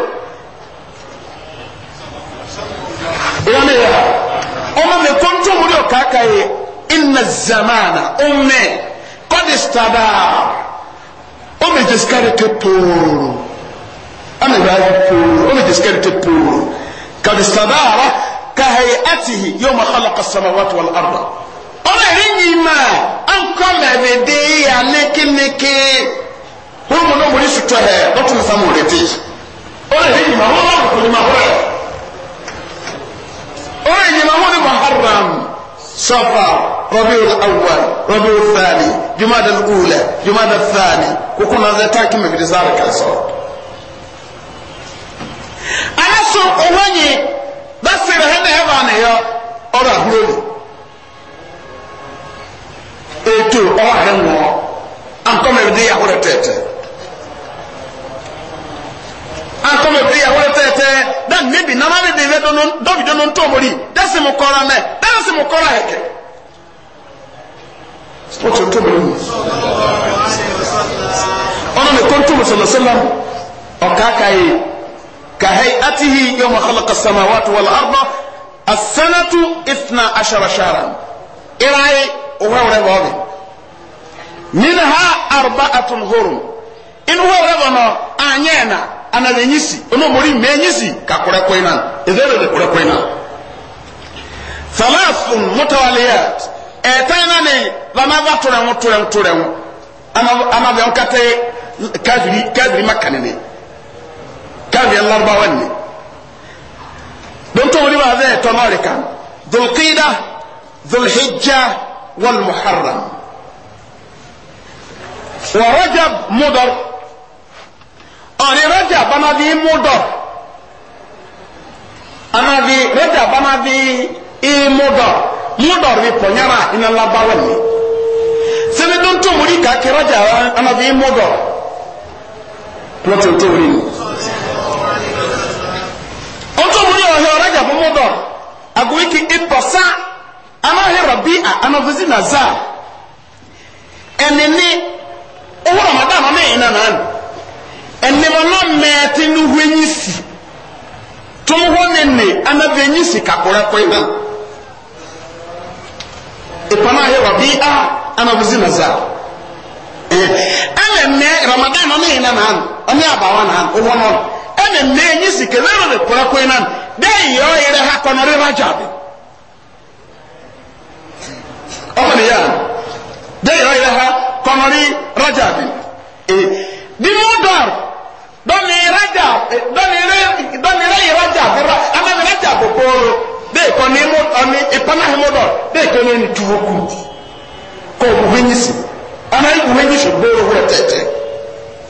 ìyáni yà ɔmɔ mi kɔntɔn mu de ɔkaaka yi ina zamana ɔmɛ o stada ɔmɛ jesikari te pooro ɔmɛ baayi pooro ɔmɛ jesikari te pooro. قد استدار كهيئته يوم خلق السماوات والأرض ọlọ́rin ma an kọ́ mẹ́rẹ̀dẹ́ yà lékeléke wọ́n mú lọ́mọ oríṣi tọ́ ẹ̀ lọ́tún ní sáwọn òrètí ọlọ́rin ma wọ́n wọ́n kò ní ma wọ́n ẹ̀ ọlọ́rin ma wọ́n ní ma haram sọ́fà rọ́bì awùwà rọ́bì fàánì jùmọ̀ àdàlù ùlẹ̀ jùmọ̀ àdàlù fàánì kókó náà zẹ́ táàkì mẹ́rẹ̀dẹ́ sáré kẹsàn-án. anaso ohonyi basere hene heba na ya ɔba ahuro eto ɔba ahare ŋɔ ankɔmɛ bi de yɛ ahoro tɛɛtɛ ankɔmɛ bi de yɛ ahoro na dan nebi nana ne de bɛ dɔnɔ dɔbi dɔnɔ ntɔmori mu kɔra mu ọ كهيئته يوم خلق السماوات والأرض السنة اثنا عشر شهرا إرعي وهو ربعه منها أربعة هرم إن هو ربنا أعنينا أنا لنيسي أنا مريم مينيسي كاكورا كوينا إذا كورا كوينا ثلاث متواليات أتانا ني لما باتنا متواليات أنا بيوم كاتي كادري كادري مكانني káàmìyàn lárúbáwá ni dóńtò wọlé wàá bẹ́ẹ̀ tọ́ náà rẹ̀ kan dùlkìdá dùlhijjá wọn muharram wọ́n rọ́jà múdọ̀ ọ̀rẹ́ rọ́jà bánadí múdọ̀ anadí rọ́jà bánadí ìmúdọ̀ múdọ̀ rẹ̀ pọ̀nyára iná lábáwá ni sẹ́ni dóńtò wọlé kàkí rọ́jà anadí múdọ̀ lọ́tọ̀ọ̀tọ̀ wọlé ni. ya bụ mụdọ agụike ịbọsa anaghị rabi a anọvizi na za enene ụhụ ramadan ọ na-enye na nanị enema na mmeti nuhu enyi si tumho nene anabi enyi si kakura kwa ina ipana ahe rabi a anavizi na za enene eh, ramadan ọ na-enye na nanị ọ na-abawa na ụhụ n'ọnụ ɛna nenyi sike lero le kura koe nan de yɔ yɛrɛ ha kɔnɔ rira jaabi ɔkɔni ya de yɔ yɛrɛ ha kɔnɔ rira jaabi ee dimu dɔr dɔni yɛrɛ ja e, dɔni yɛrɛ dɔni yɛrɛ yɛrɛ ja kɛra ana yɛrɛ ja kokoro de kɔni mu ɔni ipana e himu dɔr de kɛnɛ ni tuwo kun k'o mu bɛ nyi si ana yi mu bɛ nyi si gbɛɛ wɛrɛ tɛtɛ.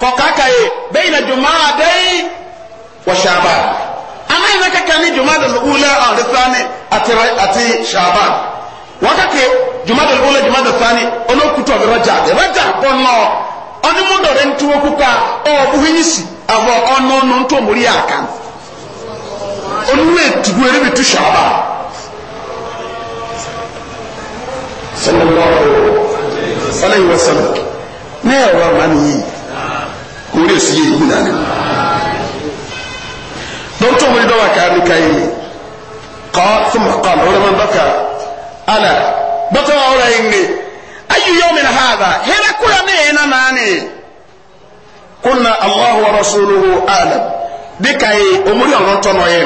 kɔkakaye bɛyi na jumaadɛyi wa shaban ana yi na kaka ni jumaadɛ ula a ati ati shaban wakake jumaadɛ ula jumaadɛ sani ɔno kutu ɔbi raja de raja bɔnɔ ɔni mu dɔre ntuwo kuka ɔbu hinyisi avɔ ɔno no ntomori aka onuwe tugu eri bi tu shaban. sallallahu alaihi wa sallam ne yɛ wa ma ni yi wòle esi yie egu nane dɔnto wòle dɔwɔ kaa nika yi kɔɔ fuma kɔn wòle ma baka ala baka wa wòle yi ne ayi yɔ mi na ha ba hɛrɛ kura ne yɛn na naani kunna alahu wa rasuluhu alam dika yi omuri ɔno tɔnɔ yɛ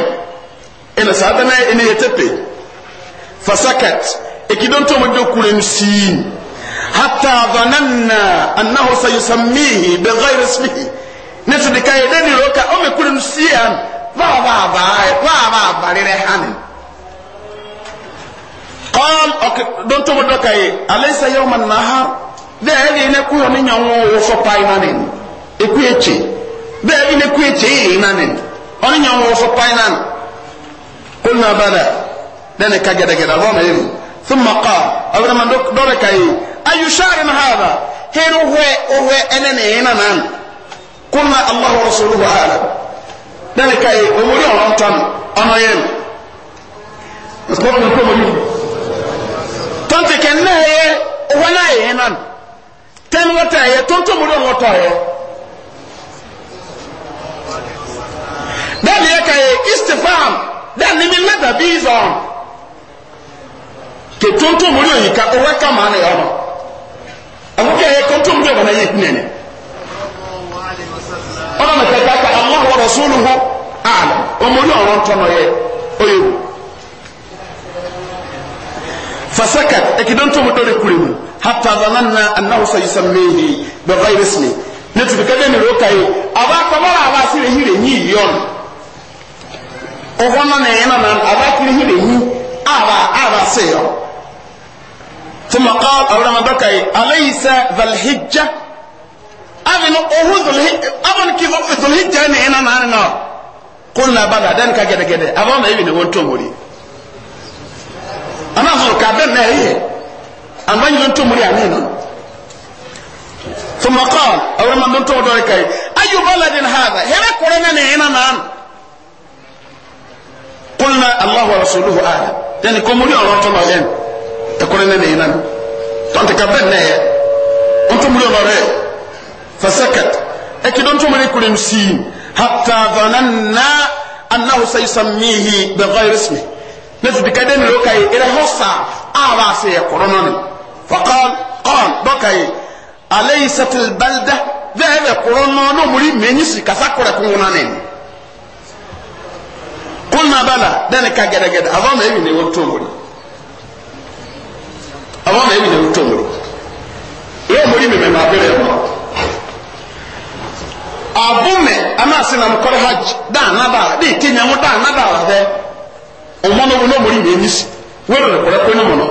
ɛna saa dana yɛ ɛna yɛ tepe fasakat ekidɔnto wòle dɔ kure nsiin. حتى ظننا أنه سيسميه بغير اسمه نسل كي يدني روكا أمي كل نسيا با با با با با با ريحان قال دون تمو دوكاي أليس يوم النهار ده هذه نكو يوني نيو وفقا إيمانين إكو يتشي ده هذه نكو يتشي إيمانين أني نيو وفقا إيمان قلنا بلى لأنك كجدك الأرض ثم قال أولا من دوكاي ayusharim hadha hin ohwe ohwe enene yena nan kunna allah wa rasuluhu alam dani kai omori on tan ono yen asbabun ko mo tonte ken na ye wala yenan ten wata ye tonto mo don wata ye dani kai istifam dani min lada bizon ke tonto mo don yika o wa kama ne ono abuja ya kanto na bana yi kunene ona me tata ka allah wa rasuluhu ala o mo no ron tono ye oyewu fasakat ekidon to mo dole kurimu hatta zananna ne tu kaje ni rokai aba ko mara aba sire hire ni yon o wono na yana nan aba a se ثم قال أولا مدركي أليس ذا الحجة أبن أهو ذو الحجة أبن كيف ذو الحجة أنا هنا معنا قلنا بلى دانك كده كده أبن ابن وانتم ولي أنا أظن كابن هي أما ينتم ولي عنينا ثم قال أولا مدركي مدركي أي بلد هذا هنا قرنا هنا معنا قلنا الله ورسوله أعلم لأن كم ولي أرى طبعا ɛkɔrɛ ne ne yina no tɔnte ka bɛn nɛɛ ntomri ɔlɔrɛ fasɛkɛt ɛkido ntomri kure nsiin hatta zananna annahu sayusammihi bighayri ismi ne tu dika de niro kai ira hosa a ba se ɛkɔrɔ no ne faqal qal dɔ kai alaysat albalda bɛɛ bɛ kɔrɔ no no muri menyi si kasa kɔrɛ kun na ne kulna bala dani ka gɛdɛgɛdɛ a zɔn na ebi ne wo ntomri àwọn na ènìyàn tó mọ̀ yóò mọ̀ yìí mẹ́mẹ́ abẹ́rẹ́ wọn. abúmẹ̀ amáàsì na mọ̀kọ́rẹ́ hajj da bá dé kéèyàn wọn dáná bá wà fẹ́ ọmọ náà wọn mọ̀ yìí mẹ́mí sí wẹ́rẹ́ rẹ̀ kọ́rẹ́ kọ́ ní mọ̀ náà.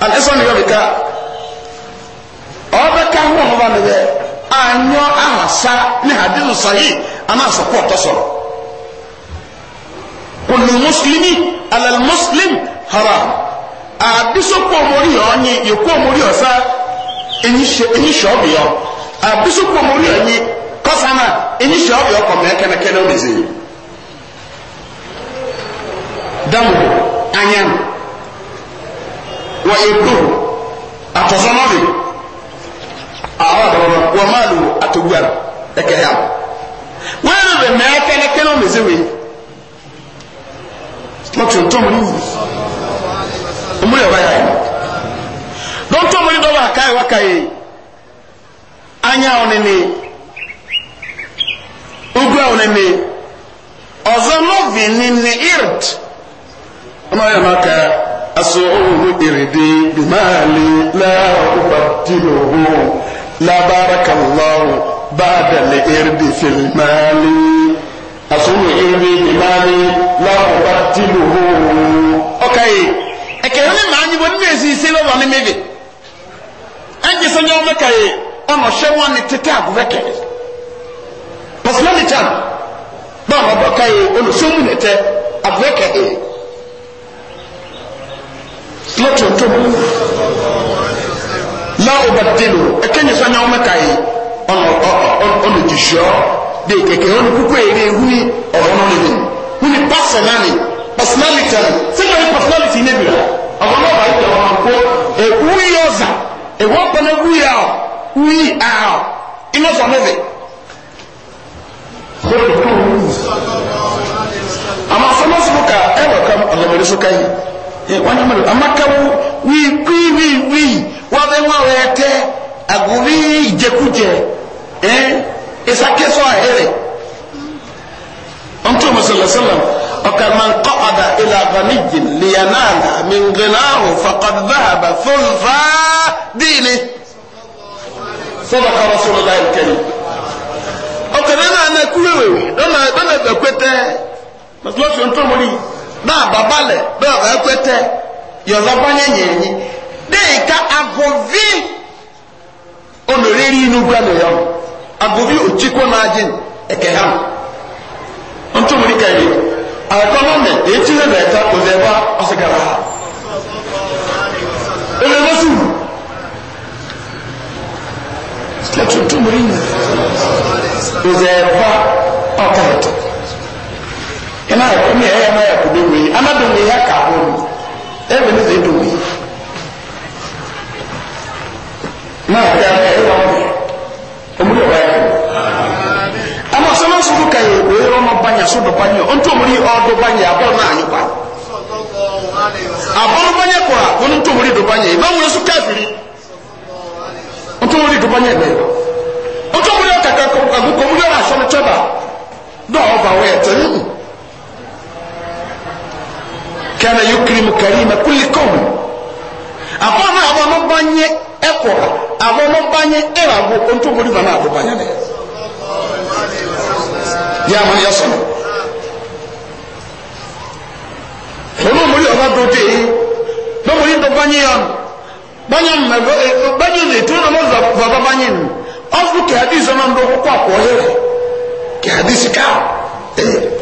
and ɛsɛ ɔne yɛde ka ɔbɛka ho ɔmo ba ne bɛ anyɔ ahasa hadizu sahi ana asɔkɔ ɔtɔ sɔrɔ kòlù mùsùlùmí alal mùsùlùm haram àbísọ̀kọ ọmọrí yọ ọ́nyi yòókù ọmọrí ọ̀sá ẹ̀yìn sọ̀ọ́bì yọ àbísọ̀kọ ọmọrí ọ̀nyi kọ́sánà ẹ̀yìn sọ̀ọ́bì yọ kọ̀mọ̀ ẹ̀kẹ́nẹ́kẹ́nẹ́ ọ̀nẹ́sẹ̀ yìí. dáhùn anyam. wa ibruhu awa dɔrɔn wamalu atogbuara wɛrɛ bɛ mɛ kɛnɛ kɛnɛ o mɛsɛ wei lɔtɔ wu ɔmu yɛ ɔba yɛ dɔn ntɔmɔ yi yi anya ɔnene ogu ɔnene ɔzɔ nɔvi irt yɛ أصوم إردي بمالي لا أبدله لا بارك الله بعد الإرد في المال أصوم إردي بمالي لا أبدله أوكي أكيد ما عندي بني ميزي سيبا وانا ميبي أنجي سنجا ومكاي أنا شواني تتاب وكاي بس ما نتاب بابا بكاي أنا شو منتاب أبوكاي lọ́tọ̀ọ̀tọ̀ mu láwọ̀ bá délò ẹ̀kẹ́ni sọ́nyá ọmọ kàyé ọ̀nà jùṣọ́ de kẹ̀kẹ́ ọ̀nà kúkú èrè hui ọ̀rọ̀ náà nìyẹn huni pásánálì pásánálìtà sẹ́yìn ọ̀nà pásánálìtì ní ebìrà ọ̀rọ̀ náà báyìí tẹ̀ ọ̀nà kó ewu yẹ ọ̀zà ewu ọ̀pọ̀nà ewu yẹ ọ̀ hui ọ̀ iná sọ̀ ní ẹ̀fẹ̀. àmọ́ sọ́mọ́sọ́mọ́ ká ẹ̀rọ kan ọ̀nà mẹ́rin sọ́ká yìí wanyamari amakawo wikwi wiwi wabe wawete aguri ijekuje eh isakeso ahere ọmtu musallam sallam ọkà man kọ́ọ̀dà ilà ghanijin liyanala min ghinahu faqad dhahaba thulfa dini sadaqa rasulullah alkarim ọkà nana anakuwewe nana nana bakwete masalasi ọmtu mori na babalɛ bɛ ɛkɔtɛ yɔlɔba nyɛnyɛnyi de ka agovi onuriri inu gba ne yɔ agovi otsikɔ n'adzi ɛkɛ ha ntomori ka yi akɔnɔmɛ eti lɛ bɛ ta o lɛ ba ɔsigara ha ele lɛ su silɛtu ntomori na o lɛ ba ɔkɛtɛ ɛna ɛkɔmi ɛyɛ ama domi ya ka ho no ɛmɛ ne zɛ domi na ɔda ɛ ɛwɔ ɔmɛ ɔmu yɛ ɔyɛ kɔ ama sɛ ɔmɛ sɔrɔ ka yɛ oye ɔmɛ banya so dɔ banya ɔntɛ ɔmɛ yi ɔdɔ banya abɔ na anyi ba abɔ no banya kora wɔn ntɛ ɔmɛ yi dɔ banya yi bɛn wɔn so kɛfiri ntɛ ɔmɛ yi dɔ banya bɛ ntɛ ɔmɛ yi ɔkaka kɔ ɔmɛ yi ɔra asɔrɔ kyɛ ba dɔw ɔba wɛ tɛ كان يكرم كريم كل قوم أقوم أبو مباني أقوى أبو مباني إرابو أنتم مريضا ما أبو باني يا من يصنع Olu muri ọba dote yi, lọ́mọdé tó bányé yá, bányé mẹ́gbẹ́ bányé lè tó ọmọ bàbá bányé nù, ọ̀fù kẹ́hàdí sọ́nà ń bọ̀ kókó àpọ̀ yẹ̀rẹ̀, kẹ́hàdí sika ẹ̀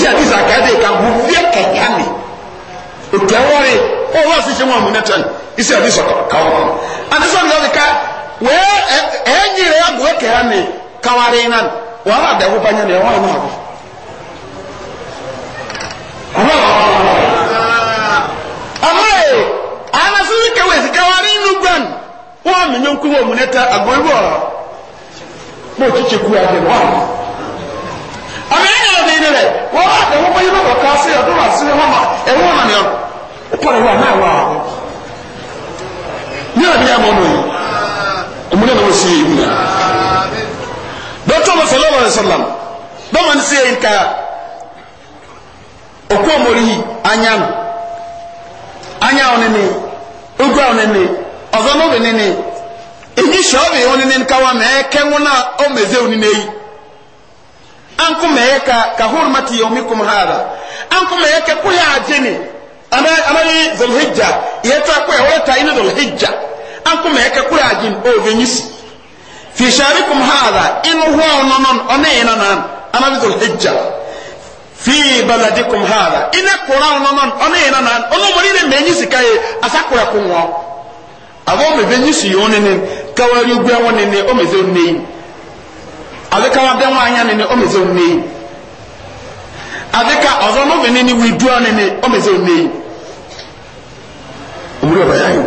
isi hadisi akade ka wuvia kanyame otewore ɔwɔ asisi mu amu nɛtɛn isi hadisi kawo adisɔ ni ɔdi ka wɛɛ ɛɛnyere agogo kanyame kawari nan wàhálà àdàgbò banyɛ ni ɛwà ɛnà àgò ɔmɔ ɔmɔ ye anasiri kawai kawari nugan wọn mi nyɔnku wɔ mu nɛtɛ agogo wɔ mo titi ku adi wɔ ɔmɔ yɛ. ní ilé rẹ̀ wọ́n bá tẹ̀ wọ́n bóyá lọ́wọ́ ká sí ọdún àti wọn ma ẹ̀wọ́n ni ọ ọ̀pọ̀ rẹ̀ wà náà wà ọ̀ ní ọ̀dí ẹ̀mọ́ nù yìí òmùnà náà wọ́n sì yé ìmúlẹ̀ dọ́tọ̀ lọ́sọ̀ lọ́wọ́ rẹ̀ sọ̀lá bọ́mọ̀ ní sí anya an kuma yaka ka hurmati yaumikum hada an kuma yaka ku ya jini ana ana zulhijja ya ta ku ya e wata ina zulhijja an kuma yaka ku ya jini o venis fi sharikum hada in huwa nonon one ina nan zulhijja fi baladikum hada ina kura nonon one ina nan ono mori ne menyisi kai asakura kunwo e abo me venyisi yonene kawari gwa wonene o meze onene adịka wa bịa nwaanyị anịnị o mezo nneyi adịka ọzọ n'ofe nene wee duo anịnị o mezo nneyi omuri ọba ya yi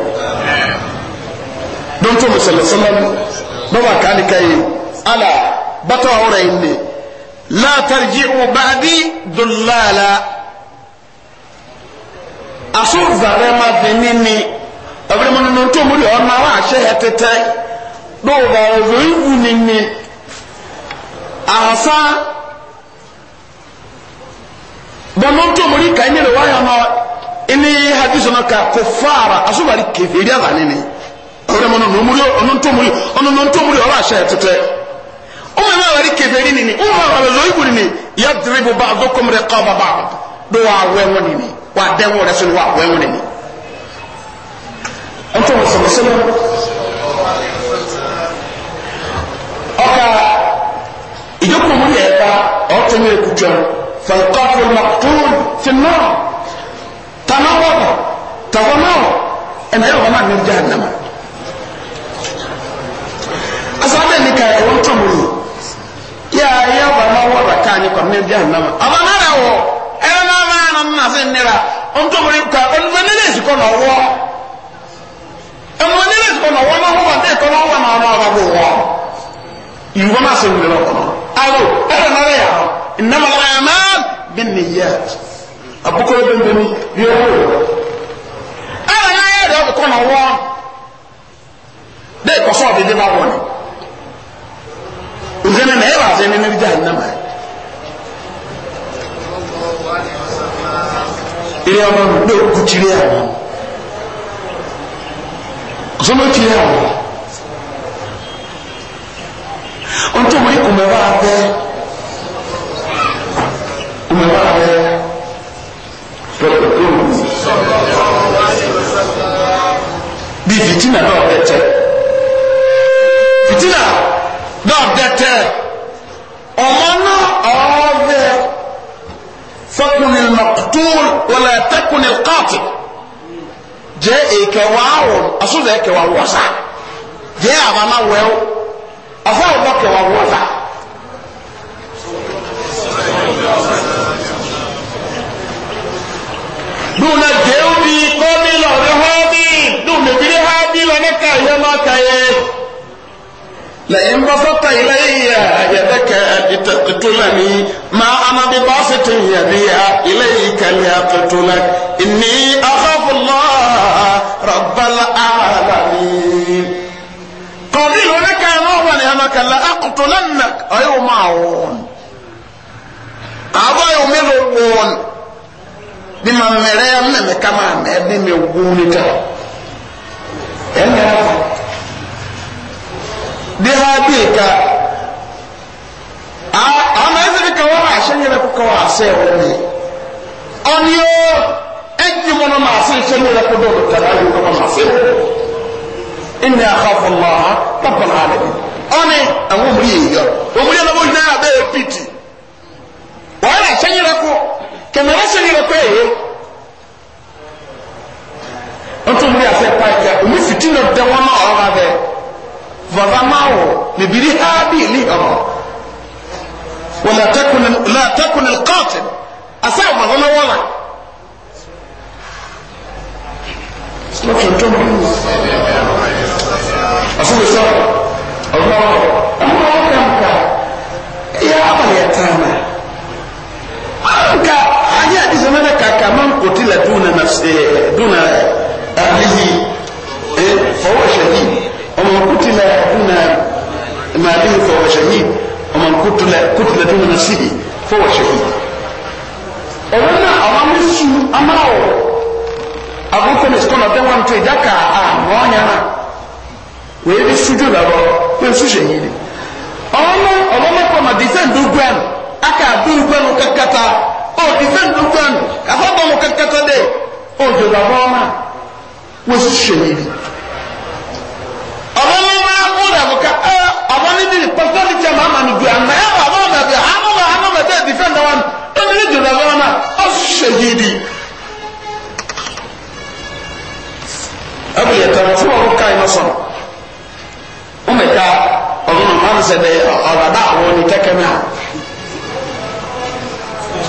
dọntu musalasalam dọba ka adịka yi ala bata ọhụrụ yi nne la tarji ụbaadị dọlaala asụ zara ma dị nịnị ọbụrụ mmanụ n'otu omuri ọ na wa ahye ha tete dọba ọzọ iwu nịnị. ahasa bɔnɔ ntomori ka nyere wayɔ nɔ ka ko faara asubari kefeeri ava nini ɔwɛrɛ mɔ nɔnɔ omori ɔnɔ ntomori ɔnɔ nɔ ntomori ɔlɔ ahyɛ tɛtɛ ɔmɛ mɛ awari kefeeri nini ɔmɛ mɛ awari lɔyi bu nini ya diribu baako kɔmire kɔba baako do wa nini wa ìjókòó mú yẹ ẹ̀ka ọ̀tún yẹ kújọ fẹ̀kọ́fù mọ̀tún ti náà tanáwọ̀bọ̀ tàwọnáwọ̀ ẹ̀nà ẹ̀wọ̀n náà ní ìjà ànàmà. asábẹ́ ní ká ẹ̀wọ̀n tó mú yìí yà á yẹ ọ̀bà náà wọ̀ bàtà ní kọ̀ ní ìjà ànàmà. ọ̀bà náà rẹ̀ wọ̀ ẹ̀rọ náà máa nà nà sí nira ọ̀n tó mú yìí ká ọ̀nùmọ̀ nílé ìsìkọ́ nà ọ̀wọ́ ọ̀nùmọ̀ nílé ìsìkọ́ nà ọ̀wọ́ náà wọ̀ ayo ɛrɛ eh, nare yà hɔ nnam alamal bi ne yɛ abukɔ bɛ mbɛni bi ɛwɔ ɛrɛ n'a yɛ dɛ ɔkɔ na wɔ bɛ kɔsɔ ɔdi de ba wɔ ni ozɛnɛ na ɛrɛ azɛnɛ na bi gya nnam ayɛ. ilé ọmọ mi ló kú àwọn ọsọ tiri àwọn ọ̀ntọ́ mọ̀ ní kùmẹ̀wá abẹ́ kùmẹ̀wá abẹ́ pẹ̀lú kúrò bí fìtínà náà dẹ̀tẹ̀ fìtínà náà dẹ̀tẹ̀ ọmọ náà ọ̀ọ́bẹ̀ fọkùnì mọ̀kútúl wọlé tẹkùnì kọ́ọ̀tì jẹ́ èkẹwàá wọ̀ asúnjẹ́ èkẹwàá wọ̀ jẹ́ àbámáwẹ̀ẹ́ asa بك wa waza duna jeubi komi lori hobi duna biri habi لئن بسطت إلي يدك لتقتلني ما أنا بباسط يدي إليك لأقتلك إني أخاف الله رب العالمين لأقتلنك أيو معون أبا يومي ربون بما مريم نمي كما مريم يوغوني تا أنا دي هابيكا أنا إذن كوانا عشان يلكو كوانا سيوني أنيو أجي منا معصي شنو يلكو دور التلالي منا معصي إني أخاف الله رب العالمين ɔne àwọn ọmọ yìí yọ ọmọ yẹn lọ́wọ́ yìí náà bẹ́ẹ̀ pìtì wọ́n yà sẹ́yìn rẹ kọ kẹmẹ́rẹ́ sẹ́yìn rẹ kọ èyí wọ́n tún múlẹ̀ àfẹ́ pa ẹ̀yà omi fìtí náà dẹ wọn náà ọ̀rọ̀ abẹ vava máa wọ̀ bìbìrì ha قتل دون نفسه دون أهله فهو شهيد ومن قتل دون ماله فهو شهيد ومن قتل قتل دون نفسه فهو شهيد أولا أمام السوء أمام أبوكو نسكونا دوان تجاكا أموانا ويبي سجو لابا ويسو شهيد أولا أمام أمام ديسان دوغوان أكا دوغوان وككتا òdìsẹ́ ǹdùgbọ́n kàfọ́bọ̀ mọ̀ kẹ́kẹ́kọ́ dé òjòdà bọ́ọ̀mà wọ́n sì ṣèlè rí ọmọ wọn máa kó dàbò ká ẹ ọmọ níbi pọ́sítọ́ọ̀lì jẹ́ màmá mi gbé àmà ẹ wà bọ́ọ̀mà bí àmọ́wà àmọ́wà dé ìdìfẹ́ ǹdà wọn ẹni ní òjòdà bọ́ọ̀mà ọ sì ṣèlè rí. ẹbí yẹtọ fún ọmọ ká iná sọ ọmọ ẹka ọmọ náà máa ń sẹ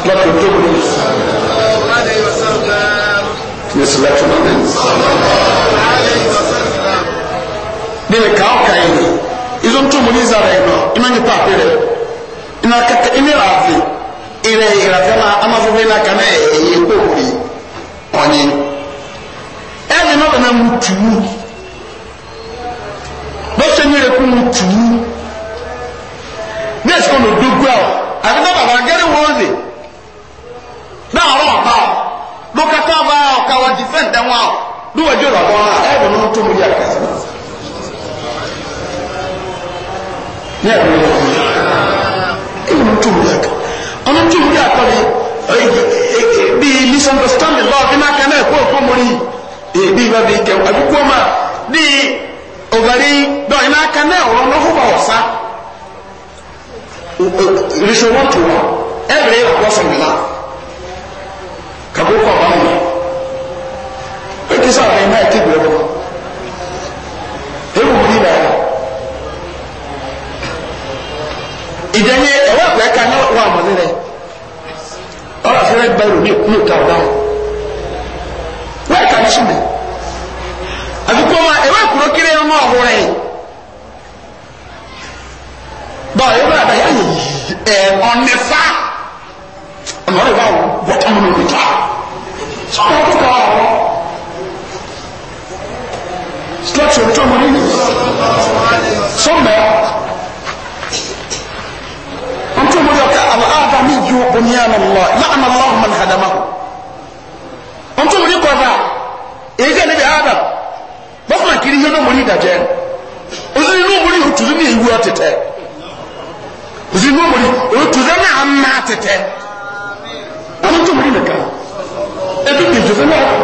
lọ́tọ̀ tó wù. Yesu lọ́tọ̀ náà lẹ́nu. Nínú ká ọ̀ka yìí, ìzó ń tó mu ní ìzára yìí nọ, iná nyi paapí rẹ̀, iná kẹtẹ, iná ìràfẹ́, ìrẹ̀ ìràfẹ́ náà amáfẹ́fẹ́ náà kan náà ẹ̀yẹ kó wù yìí, náà bẹ̀rẹ̀ mu tùwú. Bọ́sẹ̀ nyere kú mu tùwú. Ní ẹ̀sìn kọ́ duk wajen rabon na ɗaya da nuna tun muliya kasa ne a duniya ne ilimin tun muliya ka ọmọ tun muliya ka ne bi misunderstanding law bi maka na ekwe ekwe mori ebi ba bi kewa abubuwa ma di ogari dọ ina aka na ọrọ na ọhụrụ ọsa rishowotu ebe ya ọkwọ sọmịla kagbukọ ọba mụ kisa ayi n'a ye ti gbɛrɛ kɔnɔ e b'o wuli la yɛ ìdẹ́yẹ ẹ̀wọ́ àpẹ́ ká ní wà mọ́ nílẹ̀ ọ̀rọ̀ àfẹ́rẹ́ gba ìròyìn òkú òkà ọ̀dá wọn wọ́n ẹ̀ka ní ṣùgbọ́n àfikún ọmọ ẹ̀wọ́ àkùrọ̀ kéré ọmọ ọ̀húnrẹ́ yìí bọ́ọ̀ yóò bá àdáyà yìí ẹ̀ ọ̀nẹ́fà ọ̀nà ọ̀rẹ́ bá wọ́n bọ́tà mọ́ lórí ìjà sọ́kọ́ tó kọ́ ọ̀rọ̀ slọ́ọ̀tì ọ̀rọ̀ tó mọ̀ nínú sọ́mẹ̀ ọ̀n tó mọ̀ yọ ká àlàáfà mi ju omi àná lọ láàmà lọ́wọ́ mọ̀ nàdàmà ọ̀n tó mọ̀ ní kọ́fà èyí jẹ́ níbi àdà bọ́fún àkiri yẹn náà mọ̀ ní ìdàjẹ́ òsì inú mọ̀ to òtútù ní ìwú ọ̀tẹ̀tẹ̀ òsì inú mọ̀ ní òtútù náà má tẹ̀tẹ̀ ọ̀n tó mọ̀ ní nìkan ẹbí mi ìjọba náà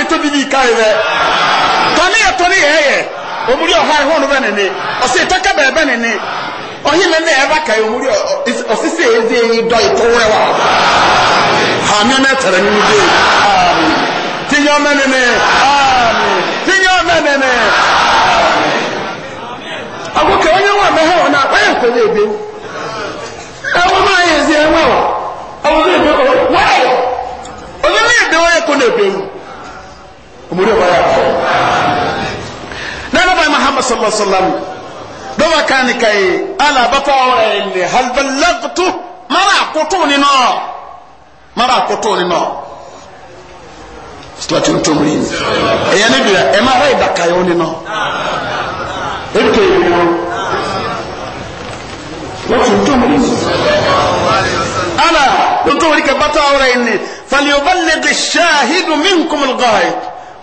mi tó di bi ká yẹ tọ́ni yẹ tọ́ni yẹ yẹ omuri ọha ẹ̀ họ́n bẹ́ẹ̀ nìní ọ̀sẹ̀ ìtọ́kẹ́ bẹ́ẹ̀ bẹ́ẹ̀ nìní ọ̀hìn lẹ́nu ẹ̀ bá ka omuri ọ̀sísẹ́ yẹ dé yìí dọ́ ìtọ́wẹ́ wa hàmí ọ̀nà ẹ̀tẹ̀rẹ̀ nínú dé tìnyọ́ mẹ́nìní tìnyọ́ mẹ́nìní agogo onye nwa mẹ́hẹ́ wọn náà wọ́n yẹ ní ebi ẹ̀wọ́n máa yẹ ẹ̀sìn ẹ̀wọ́n wọ́n yẹ ebi wọ́n yẹ ní ebi omori ọba yà fọ nanabai muhammad sallallahu alaihi wa sallam dọwọ kani kayi ala bàtà ọrẹ ẹni halibalagutu mara akoto ni nọ mara akoto ni nọ silati ntomri ẹyẹ ni bi ẹ ma rẹ ìdaka yọ ni nọ ebi kẹ ẹyẹ wọn silati ntomri ala ntomri kẹ bàtà ọrẹ ẹni fali ọba lẹbi ṣahidu minkum lọgọ ayé.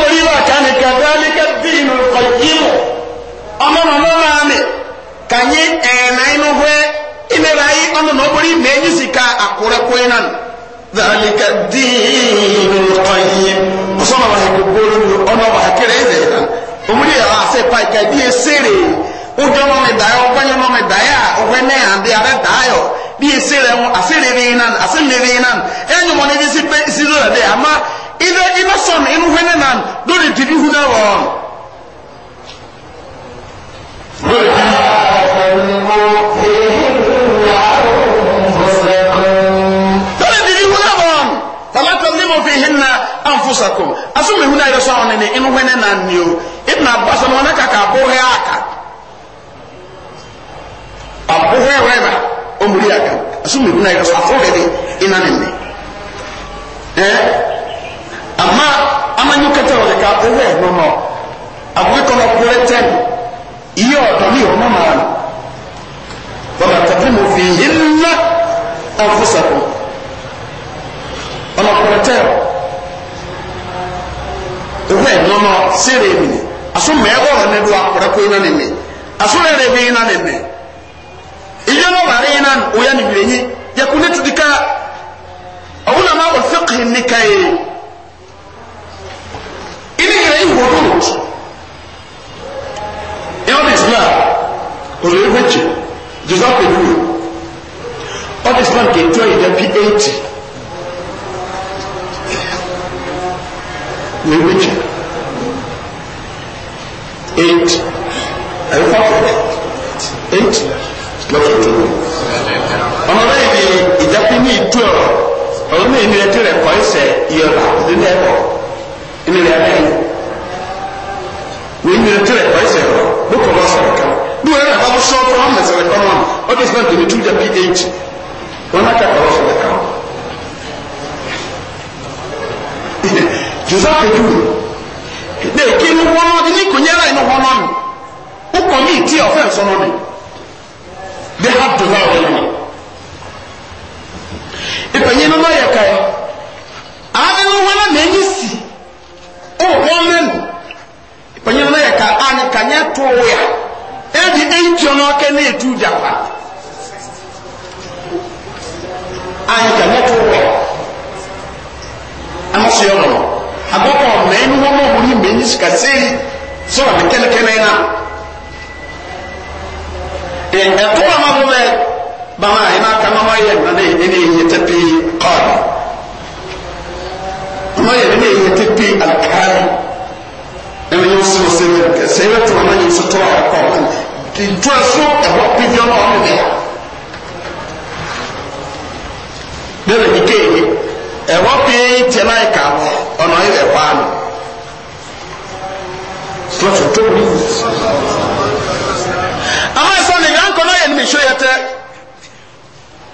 mori ba kan kadhalika dinul qayyim ọmọ mọ mọ maa mi kanyi ẹnna inú hwẹ ìmẹ̀rẹ̀ ayé ọmọ mọ mori mẹ́yìn sika àkúrẹ́kúrẹ́ náà dhalika dinul qayyim ọsọmọ wa hẹkẹ gbóló ni ọmọ wa hẹkẹ rẹ ẹzẹ yẹn omuli yàrá àṣẹ pa ìka bí esèrè ọjọ́ mọ mi dayọ ọgbẹ́ni mọ mi dayọ ọgbẹ́ náà adé abẹ́ dayọ bí esèrè wọn àṣẹ rere náà àṣẹ mèrè yìí náà ẹ̀yìn mọ níbi sí pé sí lóore dẹ àmà ilé iná sọ̀nù inú hẹ́nẹ́ náà lórí dìbí hu náà wọ̀ ọ́n. lórí dìbí. lórí dìbí hu náà wọ̀ ọ́n tàlátà nímọ̀ fi hin na anfusakum asọ́mi hu náà yẹ sọ̀rọ̀ nínú inú hẹ́nẹ́ náà ni o ibi náà bá sọ̀rọ̀ wọn kàkà bó hẹ́ àkà àbó hẹ́ rẹ̀ ọmọdé àkà asọ́mi hu yẹ sọ̀rọ̀ àfọ̀rẹ́ de iná nìyẹn. amma amanyukata oleka ihe enono agubikono kureten iyo odoni ono maana wala takrimu fihinna anfusakum ono kureten ebe enono sere emini aso mɛɛbɔ hɔ ne do akɔrɔ ko ina ne mɛ aso ina ne mɛ iye no re ina ya ne bi enyi yakune tudika na ma wɔ ka ilé yẹn ìwọ lóòót ìwọ́n islam òrèlè méjì jésù àpèjúwe ọdún islam kì í tó ìdá bí eighty ní méjì eight ẹ̀rọ pàtó eight lọ́kọ̀ tó ọmọ náà yìí ìdápẹ́ ní ìtú ọ̀rọ̀ ọ̀rọ̀ náà yìí ní rẹ̀ kọ́ ẹsẹ̀ ìyọ̀lá nínú ìmì rẹ̀ ẹ̀yìn wọ́n ìmì rẹ̀ tẹ́lẹ̀ ọ̀yẹ́ sẹ̀rẹ̀ ọ̀ lókọ̀ lọ sẹ̀rẹ̀ kan bí wọ́n rẹ̀ bá bọ́ sọ́ọ́ fún ọmọ sẹ̀rẹ̀ kan wọn ọdún ìsìnkú tèmi tún jẹ́ ph wọn náà kẹ́kọ̀ọ́ lọ sẹ̀rẹ̀ kan. jùzọ́ kẹ́kẹ́ wù ní èké ní wọ́n náà ní kò nyẹ́rẹ́ inú wọn náà nù ó kọ̀ mí ìtì ọ̀fẹ́ nsọ́nà mi bí ha dùn náà wọ́n náà ìpènyìn náà yẹ ká yẹ ohun mu panyin na yɛ ka ani kanyɛ too ya ɛdi eyitua na ɔkɛ na etu japa ani kanyɛ too ya ama so yɛ ɔmo agbɔkɔ mɛn mu wɔn a wɔn yi mɛn yi sika seyi sɛ wɔn kɛnɛkɛnɛ na ɛtɔ ama bo mɛ bama ɛna kama ma yɛ na ne ne yɛ tɛ pii kuma yɛrɛ ne yɛ te pe alikaari ɛna yɛ sɛ ɔsɛ yɛ kɛ sɛ yɛ tɔn na yɛ sɛ tɔn a kɔ ɔman ti ntɔ so ɛwɔ pivia na ɔmo bɛ ne na yi kee ɛwɔ pii tiɛ na yɛ ka ɔna yɛ bɛ kɔ ano sɔtɔ tó wuli ama sɔ ne yankɔ na yɛ nimisɔ yɛ tɛ